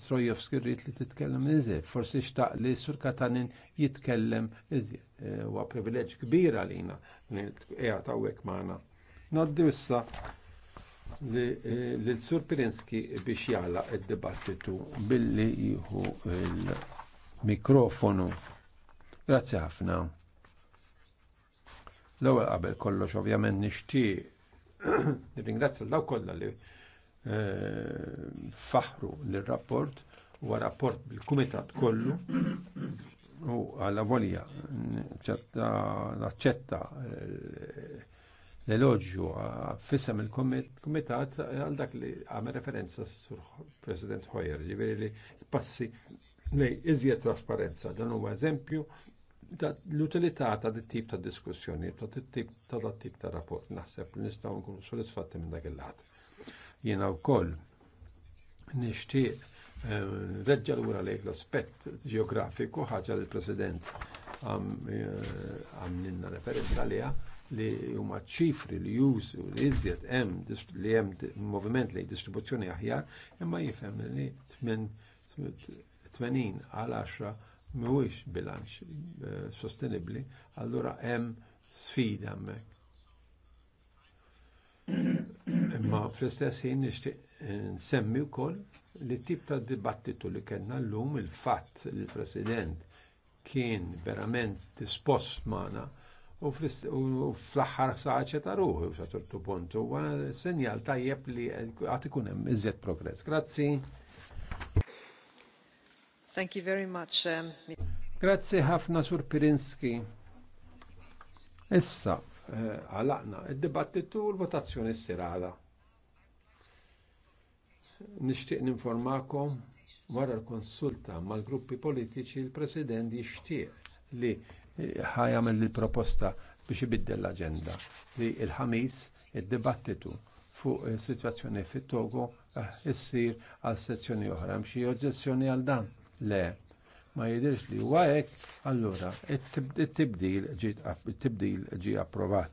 Trojovski eh, rrid li titkellem iżjed, forsi xtaq li sur Katanin jitkellem iżjed. Eh, huwa privileġġ kbir għalina li qiegħed magħna. Naddi issa li eh, sur Pirinski biex jagħlaq id-dibattitu billi jieħu il-mikrofonu. Grazzi ħafna. L-ewwel qabel kollox ovvjament nixtieq nirringrazzja l-daw kollha li eh, faħru l-rapport huwa rapport bil-kumitat kollu u għalla volja naċċetta eh, l-elogju fissam il-kumitat għal dak li għamel referenza sur President Hoyer, ġiviri li passi li iżjed trasparenza, dan huwa eżempju l-utilità ta' dit tip ta' diskussjoni, ta' dit tip ta' dat tip ta' rapport, naħseb li nistgħu nkunu sodisfatti minn dak il-lat. Jiena wkoll nixtieq eh, reġġal wara lejk l-aspett ġeografiku ħaġa li l-President għamlinna eh, referenza għaliha li huma ċifri li jużu li iżjed hemm li hemm moviment li distribuzzjoni aħjar, imma jifhem li 80 għal 10 mhuwiex bilanċ eh, sostenibbli, allura hemm sfida hemmhekk. Imma fl-istess ħin nixtieq eh, nsemmi wkoll li tip ta' dibattitu li kellna llum il-fatt li l-President kien verament dispost magħna u fl-aħħar saħċe ta' ruħu sa' ċertu punt huwa senjal tajjeb li għad ikun hemm iżjed progress. Grazzi. Thank you very much. Um, Grazzi ħafna Sur Pirinski. Issa, eh, għalaqna, id-dibattitu u l-votazzjoni s-sirada. Nishtiq ninformakom wara l-konsulta mal-gruppi politiċi l-President jixtieq li ħajamel il-proposta biex ibiddel l-agenda li il-ħamis id-dibattitu fuq is-sitwazzjoni fit-Togo eh, issir għal sezzjoni oħra. Mxi oġġezzjoni għal dan. Le, ma jidirx li huwa hekk, allura it-tibdil ġi approvat.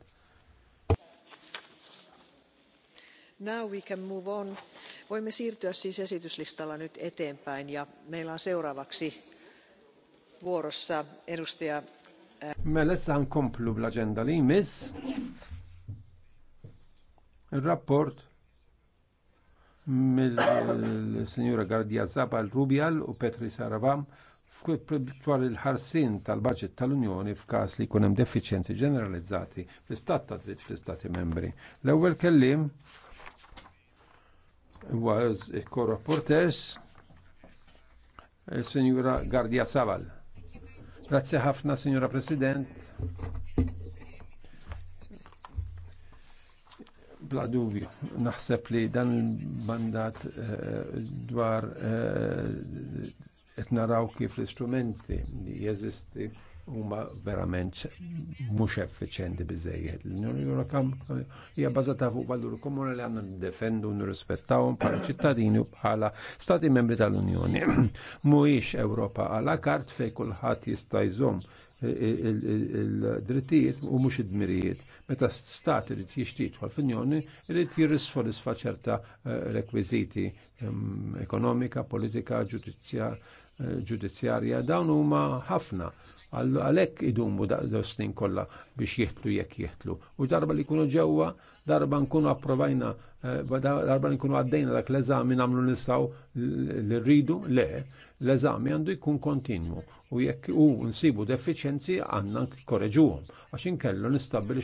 Now we can move on. Voimme siirtyä siis esityslistalla nyt eteenpäin ja meillä on seuraavaksi vuorossa edustaja äh, Mela issa nkomplu bl-aġenda li jmiss. Il-rapport mill-Sinjura Gardia Zabal Rubial u Petri Saravam dwar il-ħarsin tal-budget tal-Unjoni f'każ li jkun hemm defiċjenzi ġeneralizzati fl-istat ta' dritt fl-istati membri. L-ewwel kelliem huwa korrapporters il-Sinjura Gardia Sabal. Grazzi ħafna, Sinjura President. bla dubju, naħseb li dan il-mandat eh, dwar qed eh, naraw kif l-istrumenti li jeżisti huma verament mhux effiċjenti biżejjed. L-Unjoni Ewropea hija bbażata fuq valuri komuni li għandna niddefendu u nirrispettawhom bħala ċittadini u bħala stati membri tal-Unjoni. Mhuwiex Ewropa għala kart fejn kulħadd jista' jżomm eh, il-drittijiet u mhux id-dmirijiet Meta stat irid jixtieq jidħol fl-Unjoni, irid jirrisfa ċerta eh, rekwiżiti ehm, ekonomika, politika, eh, ġudizzjarja, dawn huma ħafna Għalhekk idumu da' snin kollha biex jihtlu jekk jihtlu. U darba li jkunu ġewwa, darba nkunu approvajna, eh, darba li nkunu għaddejna dak l-eżami nagħmlu nistgħu l rridu, le, l-eżami għandu jkun kontinu. u jekk u nsibu defiċenzi għandna korreġuhom għax inkellu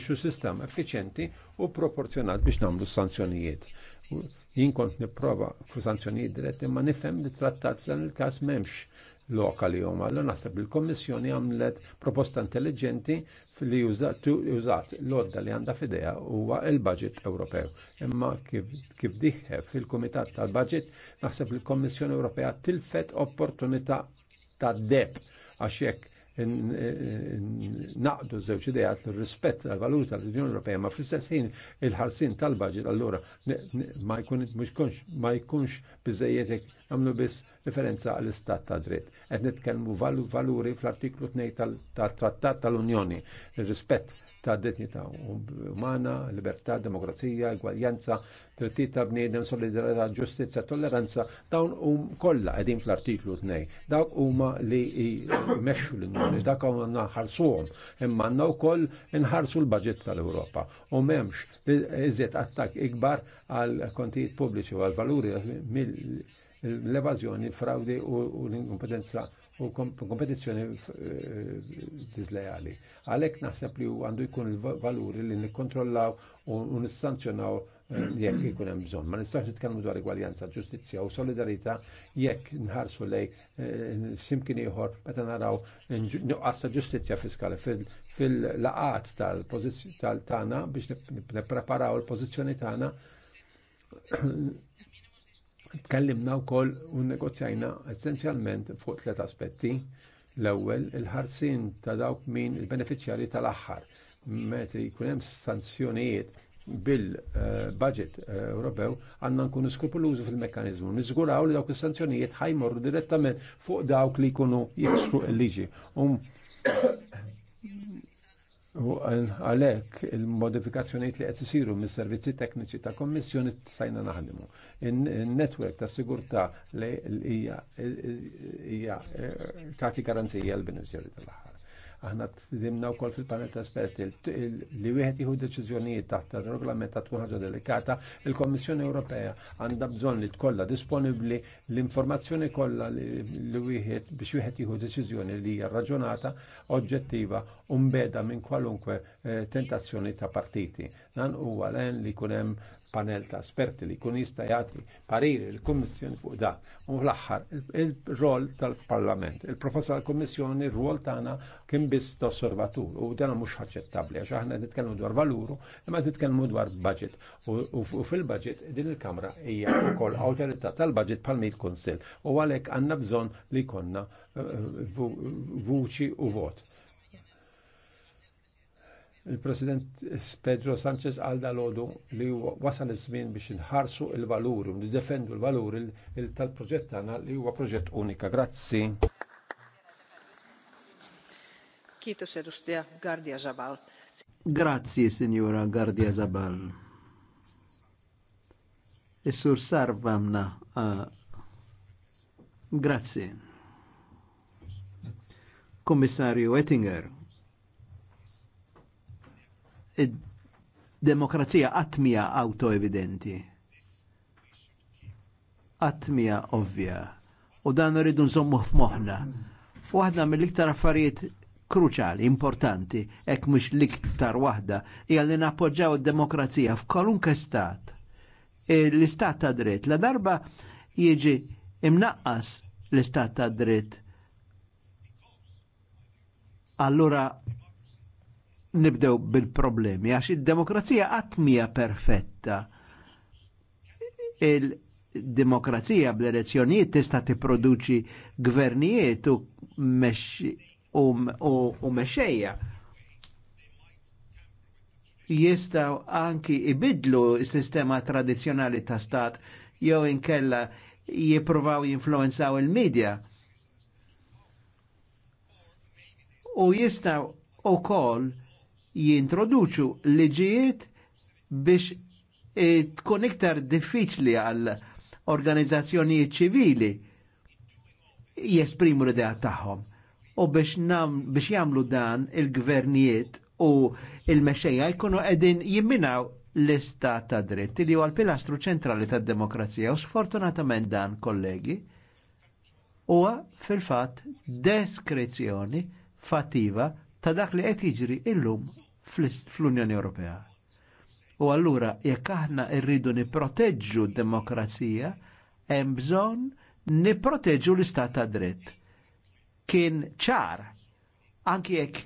xu sistema effiċenti u proporzjonat biex nagħmlu s-sanzjonijiet jien kont nipprova fu sanzjonijiet diretti imma nifhem li trattat dan il-każ m'hemmx lokali huma. Allora naħseb il l-Kommissjoni għamlet proposta intelligenti li użat l-odda li għandha fideja huwa il-budget Ewropew. Imma kif diħe fil-Kumitat tal-Budget naħseb il kommissjoni Ewropea tilfet opportunità ta' deb għax jekk naqdu zewċ idejat l rispett tal valuta tal-Unjoni Ewropea, ma fl-istess ħin il-ħarsin tal-budget allura ma jkunx biżejjed hekk għamlu biss referenza għall-istat ta' dritt. Qed nitkellmu valuri fl-artiklu 2 tal-Trattat tal-Unjoni, ir-rispett ta' dinjità umana, libertà, demokrazija, egwaljanza, drittijiet ta' bniedem, solidarità, ġustizza, tolleranza, dawn u kollha qegħdin fl-artiklu 2. Dawk huma li jmexxu l-Unjoni, dak huma naħarsuhom, imma għandna wkoll inħarsu l baġit tal-Ewropa. U m'hemmx li iżjed attakk ikbar għal kontijiet pubbliċi u għal valuri mill l-evażjoni, frawdi u l-inkompetenza u kompetizjoni eh, dizlejali. Għalek naħseb li għandu jkun il-valuri li nikkontrollaw u nissanzjonaw eh, jekk ikun hemm bżonn. Ma nistax nitkellmu dwar igwaljanza, ġustizzja u solidarità jekk nħarsu lej eh, x'imkien ieħor meta naraw nuqqas ta' ġustizzja fiskali fil-laqat tal-tagħna biex nippreparaw il-pożizzjoni tagħna Tkellimna wkoll u negozjajna essenzjalment fuq tliet aspetti. L-ewwel il-ħarsin ta' dawk min il benefiċjarji tal-aħħar. Meta jkun hemm sanzjonijiet bil-budget eh, eh, Ewropew għandna nkunu skrupulużu fil mekkaniżmu Niżguraw li dawk is-sanzjonijiet ħajmorru direttament fuq dawk li jkunu jiksru l-liġi. Um, U għalek il-modifikazzjonijiet li s siru mis-servizzi tekniċi ta' kommissjoni sajna naħdimu. In-netwerk ta' sigurta li hija eh, tagħti garanzija l-benefiċjarji tal-aħħar. Aħna tdimna wkoll fil-panel ta' esperti li wieħed jieħu deċiżjonijiet taħt regolament ta' tkun ħaġa delikata, il-Kommissjoni Ewropea għandha bżonn li tkollha disponibbli l-informazzjoni kollha li wieħed biex wieħed jieħu deċiżjoni li hija raġunata, oġġettiva u mbeda minn kwalunkwe eh, tentazzjoni ta' partiti. Dan huwa l li kunem panel ta' esperti li jkun jista' jagħti pariri l-Kummissjoni fuq da. U fl-aħħar il-rol tal-Parlament. il professor tal-Kummissjoni r-rol tagħna kien biss ta' osservatur u dan mhux ħaċċettabbli għax aħna nitkellmu dwar valuru imma nitkellmu dwar budget. U fil-budget din il-Kamra hija wkoll awtorità tal-budget palmi mejt kunsill u għalhekk għandna bżonn li konna eh, vuċi u vot Il-President Pedro Sanchez għal dalodu li wasal iż-żmien biex inħarsu il-valurum. il-valuri u nidefendu l-valuri tal-proġett tagħna li huwa proġett unika. Grazzi. Kiitos edustaja Gardia Zabal. Grazzi signora Gardia Zabal. Is-sur sarvamna. Ah, grazzi. Kommissarju Ettinger, id-demokrazija għatmija auto-evidenti. Għatmija ovvja. U dan rridu nżommu f'moħna. Waħda mill-iktar affarijiet kruċali, importanti, ek mux liktar wahda, hija li nappoġġaw id-demokrazija f'kolunke stat. E, l-istat ta' dritt, la darba jieġi imnaqqas l-istat ta' dritt. Allura nibdew bil-problemi, għax il demokrazija għatmija perfetta. Il-demokrazija bl-elezzjonijiet tista' tipproduċi gvernijiet u mexxejja. Jistaw anki ibidlu s-sistema tradizjonali ta' stat jew inkella jipruvaw jinfluenzaw il-medja. U jistaw u koll jintroduċu liġijiet biex eh, tkun iktar diffiċli għal organizzazzjonijiet ċivili jesprimu l-idea tagħhom. U biex, nam, biex jamlu dan il-gvernijiet u il-mexxejja jkunu qegħdin jimminaw l-istat ta' dritt li huwa l-pilastru ċentrali tad-demokrazija u sfortunatament dan, kollegi, huwa fil-fatt deskrizzjoni fattiva ta' dak li qed jiġri illum fl-Unjoni Ewropea. U allura jekk aħna rridu niproteġġu d-demokrazija, hemm bżonn niproteġġu l-istat ta' dritt. Kien ċar, anki jekk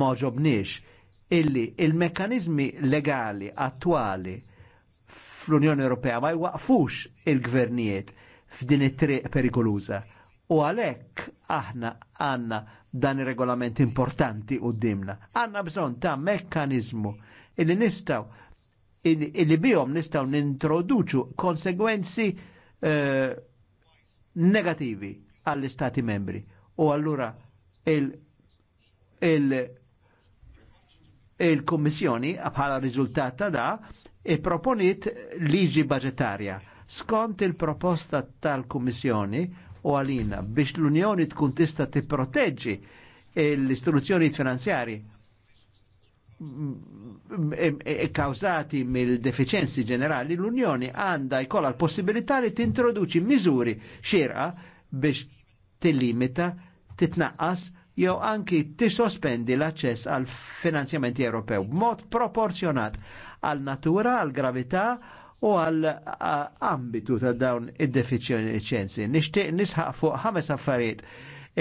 moġobniex, illi il-mekkanizmi legali attwali fl-Unjoni Ewropea ma jwaqfux il-gvernijiet f'din it-triq perikoluża U għalhekk aħna għandna dan ir-regolament importanti dimna. Għanna bżonn ta' mekkanizmu illi nistgħu illi bihom nistgħu nintroduċu konsegwenzi eh, negativi għall-istati membri. U allura il- il- il-Kommissjoni bħala riżultat ta' da e proponit liġi budgetarja. Skont il-proposta tal-Kommissjoni u għalina biex l-Unjoni tkun tista' tipproteġġi l-istituzzjoni finanzjari e kawzati mill-deficienzi ġenerali, l-Unjoni għanda jkollha l-possibilità li tintroduċi miżuri xirqa biex tillimita, titnaqqas jew anki tisospendi l-aċċess għal finanzjamenti Ewropew b'mod proporzjonat għal natura, għal gravità, u għal ambitu ta' dawn id deficienzi Nixtieq nisħaq fuq ħames affarijiet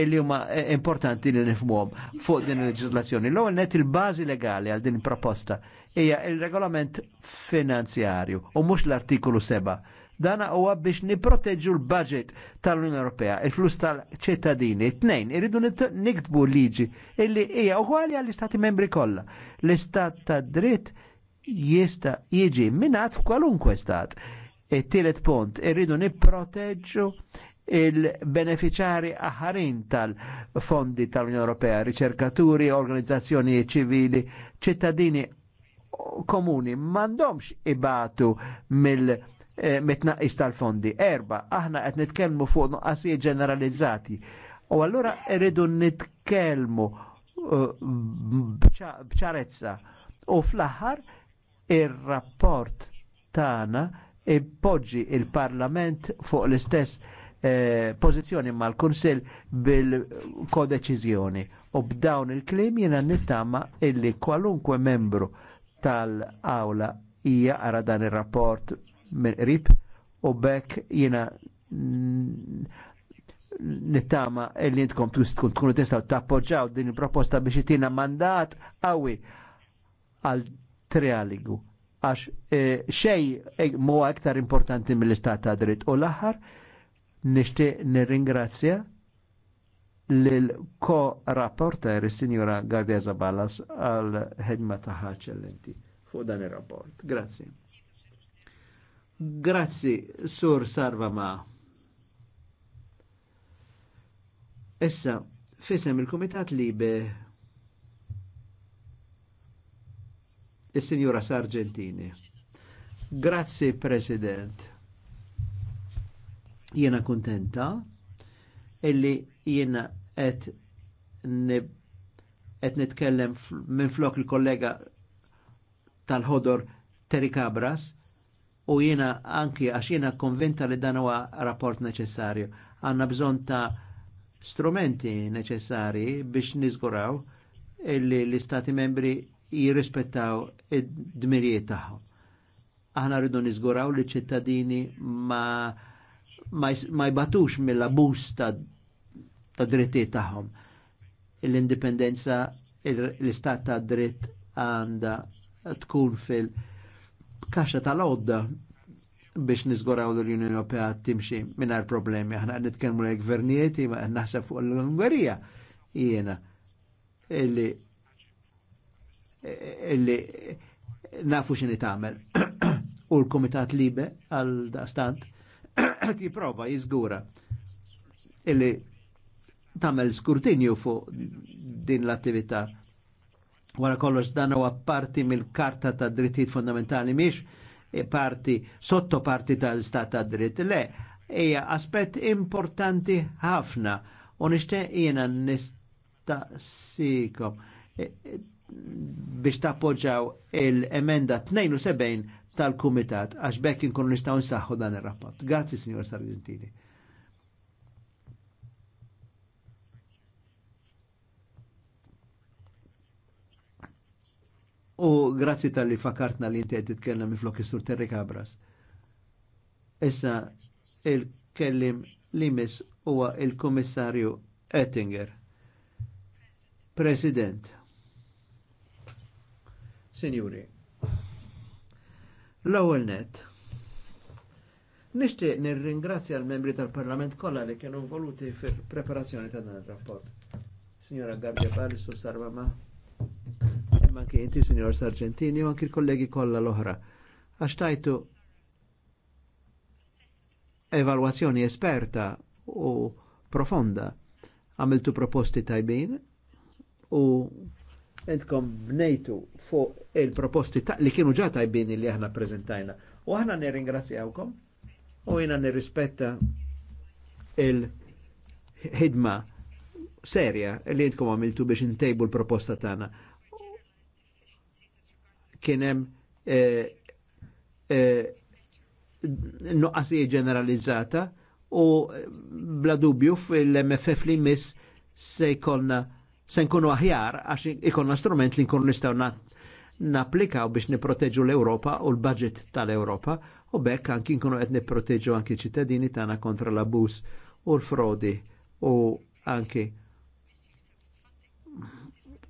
illi huma e, importanti li nifmuhom fuq din il-leġislazzjoni. L-ewwel net il-bażi legali għal din proposta hija il-regolament finanzjarju u mhux l-artikolu 7. Dana huwa biex niproteġġu l-budget tal-Unjoni Ewropea, il-flus tal-ċittadini. Tnejn, irridu niktbu liġi illi hija uguali għall-Istati membri kollha. L-Istat ta' dritt jista jieġi minat f'kwalunkwe stat. il tielet punt, irridu nipproteġġu il-beneficjari aħarin tal-fondi tal-Unjoni Ewropea, riċerkaturi, organizzazzjoni ċivili, ċittadini komuni, mandomx ibatu mill- eh, mitnaqis tal-fondi. Erba, aħna qed nitkellmu fuq nuqqasijiet ġeneralizzati. U allura rridu nitkellmu eh, bċarezza. U fl-aħħar ir-rapport tagħna ipoġġi il-Parlament fuq l-istess eh, pożizzjoni mal-Kunsill bil-kodeċiżjoni. U b'dawn il-klim jiena nittama illi kwalunkwe membru tal-awla hija ara dan ir-rapport minn qrib u bekk jiena nittama illi intkom tkunu tistgħu tappoġġaw din il-proposta biex itina mandat qawwi għal trialigu għax e, xej e, muwa aktar importanti mill-istat ta' dritt u l-aħħar nixtieq nirringrazzja l ko rapporter Signora sinjura Gardia Zabalas għal ħedma ta' ċellenti fuq dan rapport Grazzi. Grazzi, Sur Sarva Ma. Issa, fisem il-Komitat Libe il-Sinjura Sargentini. Grazzi, President. Jena kontenta illi jena et et nitkellem minn flok il-kollega tal-ħodor Terry Cabras u jena anki għax jena konvinta li dan huwa rapport neċessarju. Għanna bżon ta' strumenti neċessari biex nizguraw illi l-istati membri jirrispettaw id-dmirijiet tagħhom. Aħna rridu niżguraw li ċittadini ma ma, ma jbatux mill-abus ta', ta drittijiet tagħhom. L-indipendenza l-istat ta' dritt għanda tkun fil-kaxa tal-odda biex nizguraw l-Unjoni Ewropea timxi minar problemi. Aħna nitkellmu l-gvernijiet, ma naħseb fuq l-Ungerija jiena illi illi nafu xini tamel u l-Komitat Libe għal daqstant qed jipprova jiżgura illi tamel skurtinju fuq din l-attività. Wara kollox dan huwa parti mill-Karta ta' Drittijiet Fundamentali miex parti sotto parti tal-Stat ta' Dritt. Le, hija aspett importanti ħafna u nixtieq jiena nistaqsikom biex tappoġġaw il-emenda 72 tal-Kumitat għax bekk inkunu nistgħu nsaħħu dan ir-rapport. Grazzi, Signor Sargentini. U grazzi tal-li fakartna li inti kellem titkellem is Sur Terri Cabras. Issa il-kellim li mis huwa il-Kummissarju Ettinger. President. Sinjuri. L-ewwel net. Nixtieq nirringrazzja l-membri tal-Parlament kollha li kienu voluti fil-preparazzjoni ta' dan ir-rapport. Signora Garbia Paris u Sarvama, imma anke inti, Signor Sargentini, u anki l-kollegi kollha l-oħra. Għax tajtu evalwazzjoni esperta u profonda għamiltu proposti tajbin u entkom bnejtu fuq il-proposti ta' li kienu ġata jibini li aħna prezentajna. U aħna nirringrazzjawkom u jina nirrispetta il-ħidma serja li jitkom għamiltu biex intejbu l-proposta tagħna. Kienem eh, eh, ġeneralizzata u eh, bla dubju fil-MFF li miss se jkollna se nkunu aħjar għax ikonna strument li nkunu nistaw naplikaw biex niproteġu l-Europa u l-budget tal-Europa u bekk anki nkunu qed niproteġu anki ċittadini tagħna kontra l-abus u l-frodi u anki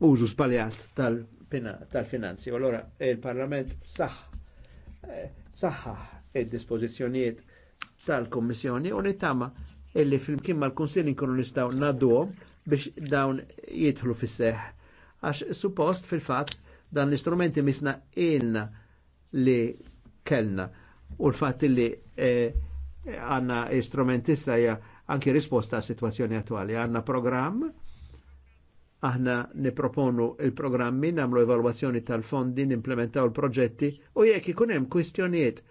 użu sbaljat tal-finanzi. Tal allora il-Parlament saħ eh, saħħa id-dispożizzjonijiet tal-Kommissjoni u nittama illi fil mkimma mal-Kunsill nkunu nistgħu nadduhom biex dawn jidħlu fis Għax suppost fil-fatt dan l-istrumenti misna ilna li kellna u l-fatt li e, għanna eh, istrumentista hija anki risposta għas situazzjoni attuali. Għanna programm, aħna niproponu il-programmi, namlu evalwazzjoni tal-fondi, nimplementaw il-proġetti u jekk ikun hemm kwistjonijiet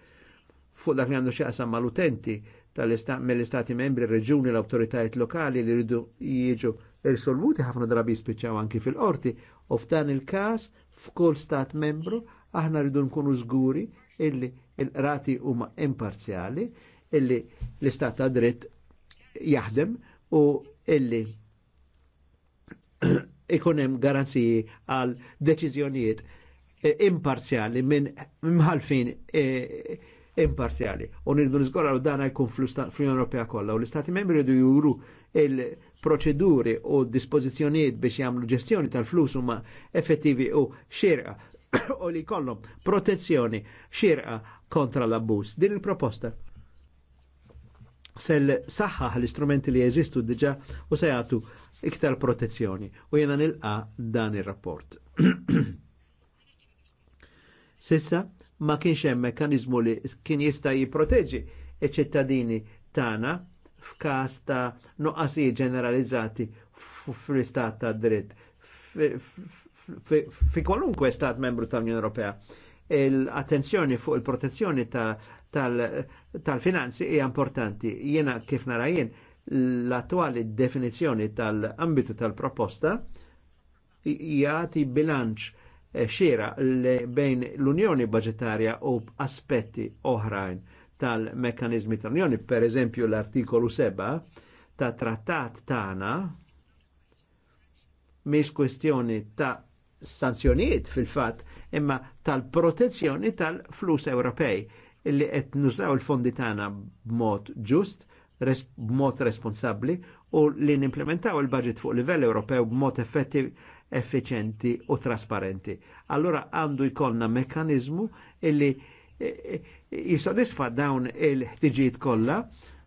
fuq dak li għandu xi mal-utenti mill-istati membri, reġuni, l-autoritajiet lokali li rridu jieġu irsolvuti ħafna drabi spiċċaw anki fil-qorti u f'dan il-każ f'kull stat membru aħna rridu nkunu żguri illi il-rati huma imparzjali, illi l-istat ta' dritt jaħdem u illi ikun hemm garanziji għal deċiżjonijiet eh, imparzjali minn mħalfin eh, imparzjali. U nirdu nizgorraw dana jkun fl-Unjoni Ewropea kollha u l-Istati membri jridu juru il-proċeduri u dispożizzjonijiet biex jagħmlu ġestjoni tal-flus huma effettivi u xirqa u li kollhom protezzjoni xirqa kontra l-abbuż. Din il-proposta sel saħħa l-istrumenti li jeżistu diġa u se jagħtu iktar protezzjoni u jiena nilqa dan ir-rapport. Sissa, ma kienx hemm mekkaniżmu li kien jista' jipproteġi iċ-ċittadini tagħna f'każ ta' nuqqasijiet ġeneralizzati fl-istat ta' dritt fi kwalunkwe stat membru tal-Unjoni Ewropea. L-attenzjoni fuq il-protezzjoni tal-finanzi hija importanti. Jiena kif nara jien l-attuali definizzjoni tal-ambitu tal-proposta jagħti bilanċ Eh, xira bejn l-Unjoni Budgetarja u aspetti oħrajn tal mekanizmi tal-Unjoni, per eżempju l-artikolu 7 ta' trattat tana miex kwestjoni ta' sanzjonijiet fil-fat imma tal-protezzjoni tal-flus Ewropej illi qed nużaw il-fondi tagħna b'mod ġust, b'mod responsabbli u li nimplementaw il-budget fuq livell Ewropew b'mod effettiv effiċenti u trasparenti. Allora għandu jkollna mekkanizmu illi e, e, jisodisfa dawn il-ħtiġijiet kollha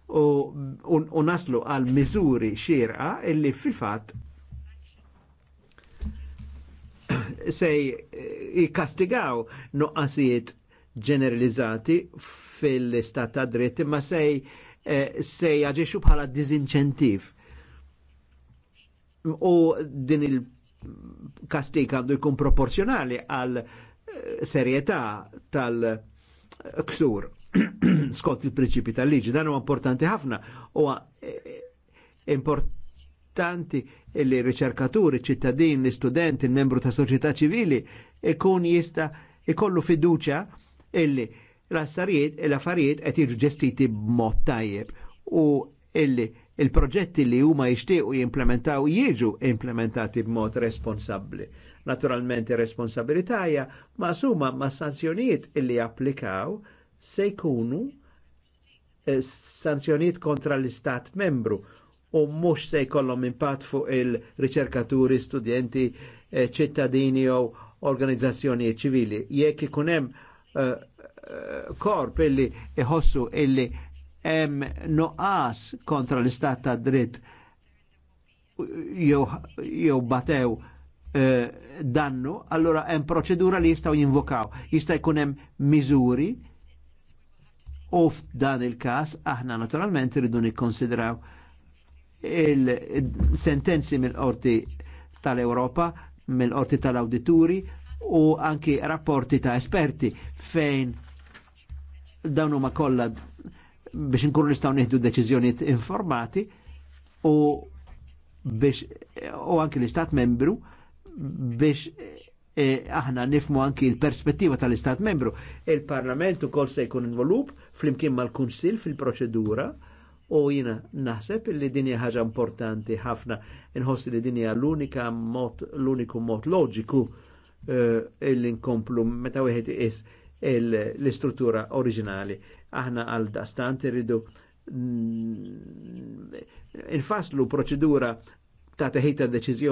u, naslu għal miżuri xirqa illi fil-fatt se jikastigaw nuqqasijiet ġeneralizzati fil-istat ta' dritt imma sej e, se jaġixxu bħala dizinċentiv. U din il kastik għandu jkun proporzjonali għal eh, serjetà tal-ksur skont il-prinċipi tal-liġi. Dan huwa importanti ħafna. Huwa eh, importanti li riċerkaturi, ċittadin, l-student, il-membru ta' soċjetà ċivili ikun jista' ikollu fiduċa illi l e l-affarijiet qed jiġu ġestiti b'mod tajjeb u illi il-proġetti li huma jixtiequ jimplementaw jiġu implementati b'mod responsabbli. Naturalment ir-responsabilità hija maqsuma ma' sanzjonijiet illi applikaw se jkunu eh, sanzjonijiet kontra l-istat membru u mhux se jkollhom impatt fuq il-riċerkaturi, studenti, eh, ċittadini jew organizzazzjonijiet ċivili. Jekk ikun hemm eh, korp illi iħossu illi hemm noqas kontra l-istat ta' dritt jew batew eh, dannu, allora hemm proċedura li jistgħu jinvokaw. Jista' jkun hemm miżuri u f'dan il-każ aħna naturalment irridu nikkonsidraw il-sentenzi mill-qorti tal-Europa, mill-qorti tal-awdituri u anki rapporti ta' esperti fejn dawn ma kollha biex nkunu nistgħu nieħdu deċiżjonijiet informati u biex u anki l-Istat membru biex eh, aħna nifmu anki l perspettiva tal-Istat membru. Il-Parlament u kol se jkun involup fl-imkien mal-Kunsil fil-proċedura u jina naħseb li din hija ħaġa importanti ħafna inħossi li din hija l-unika mod l-uniku mod loġiku uh, eh, il-inkomplu meta wieħed is l-istruttura oriġinali Aħna għal dastant irridu infaslu proċedura ta' teħita deċiżjoni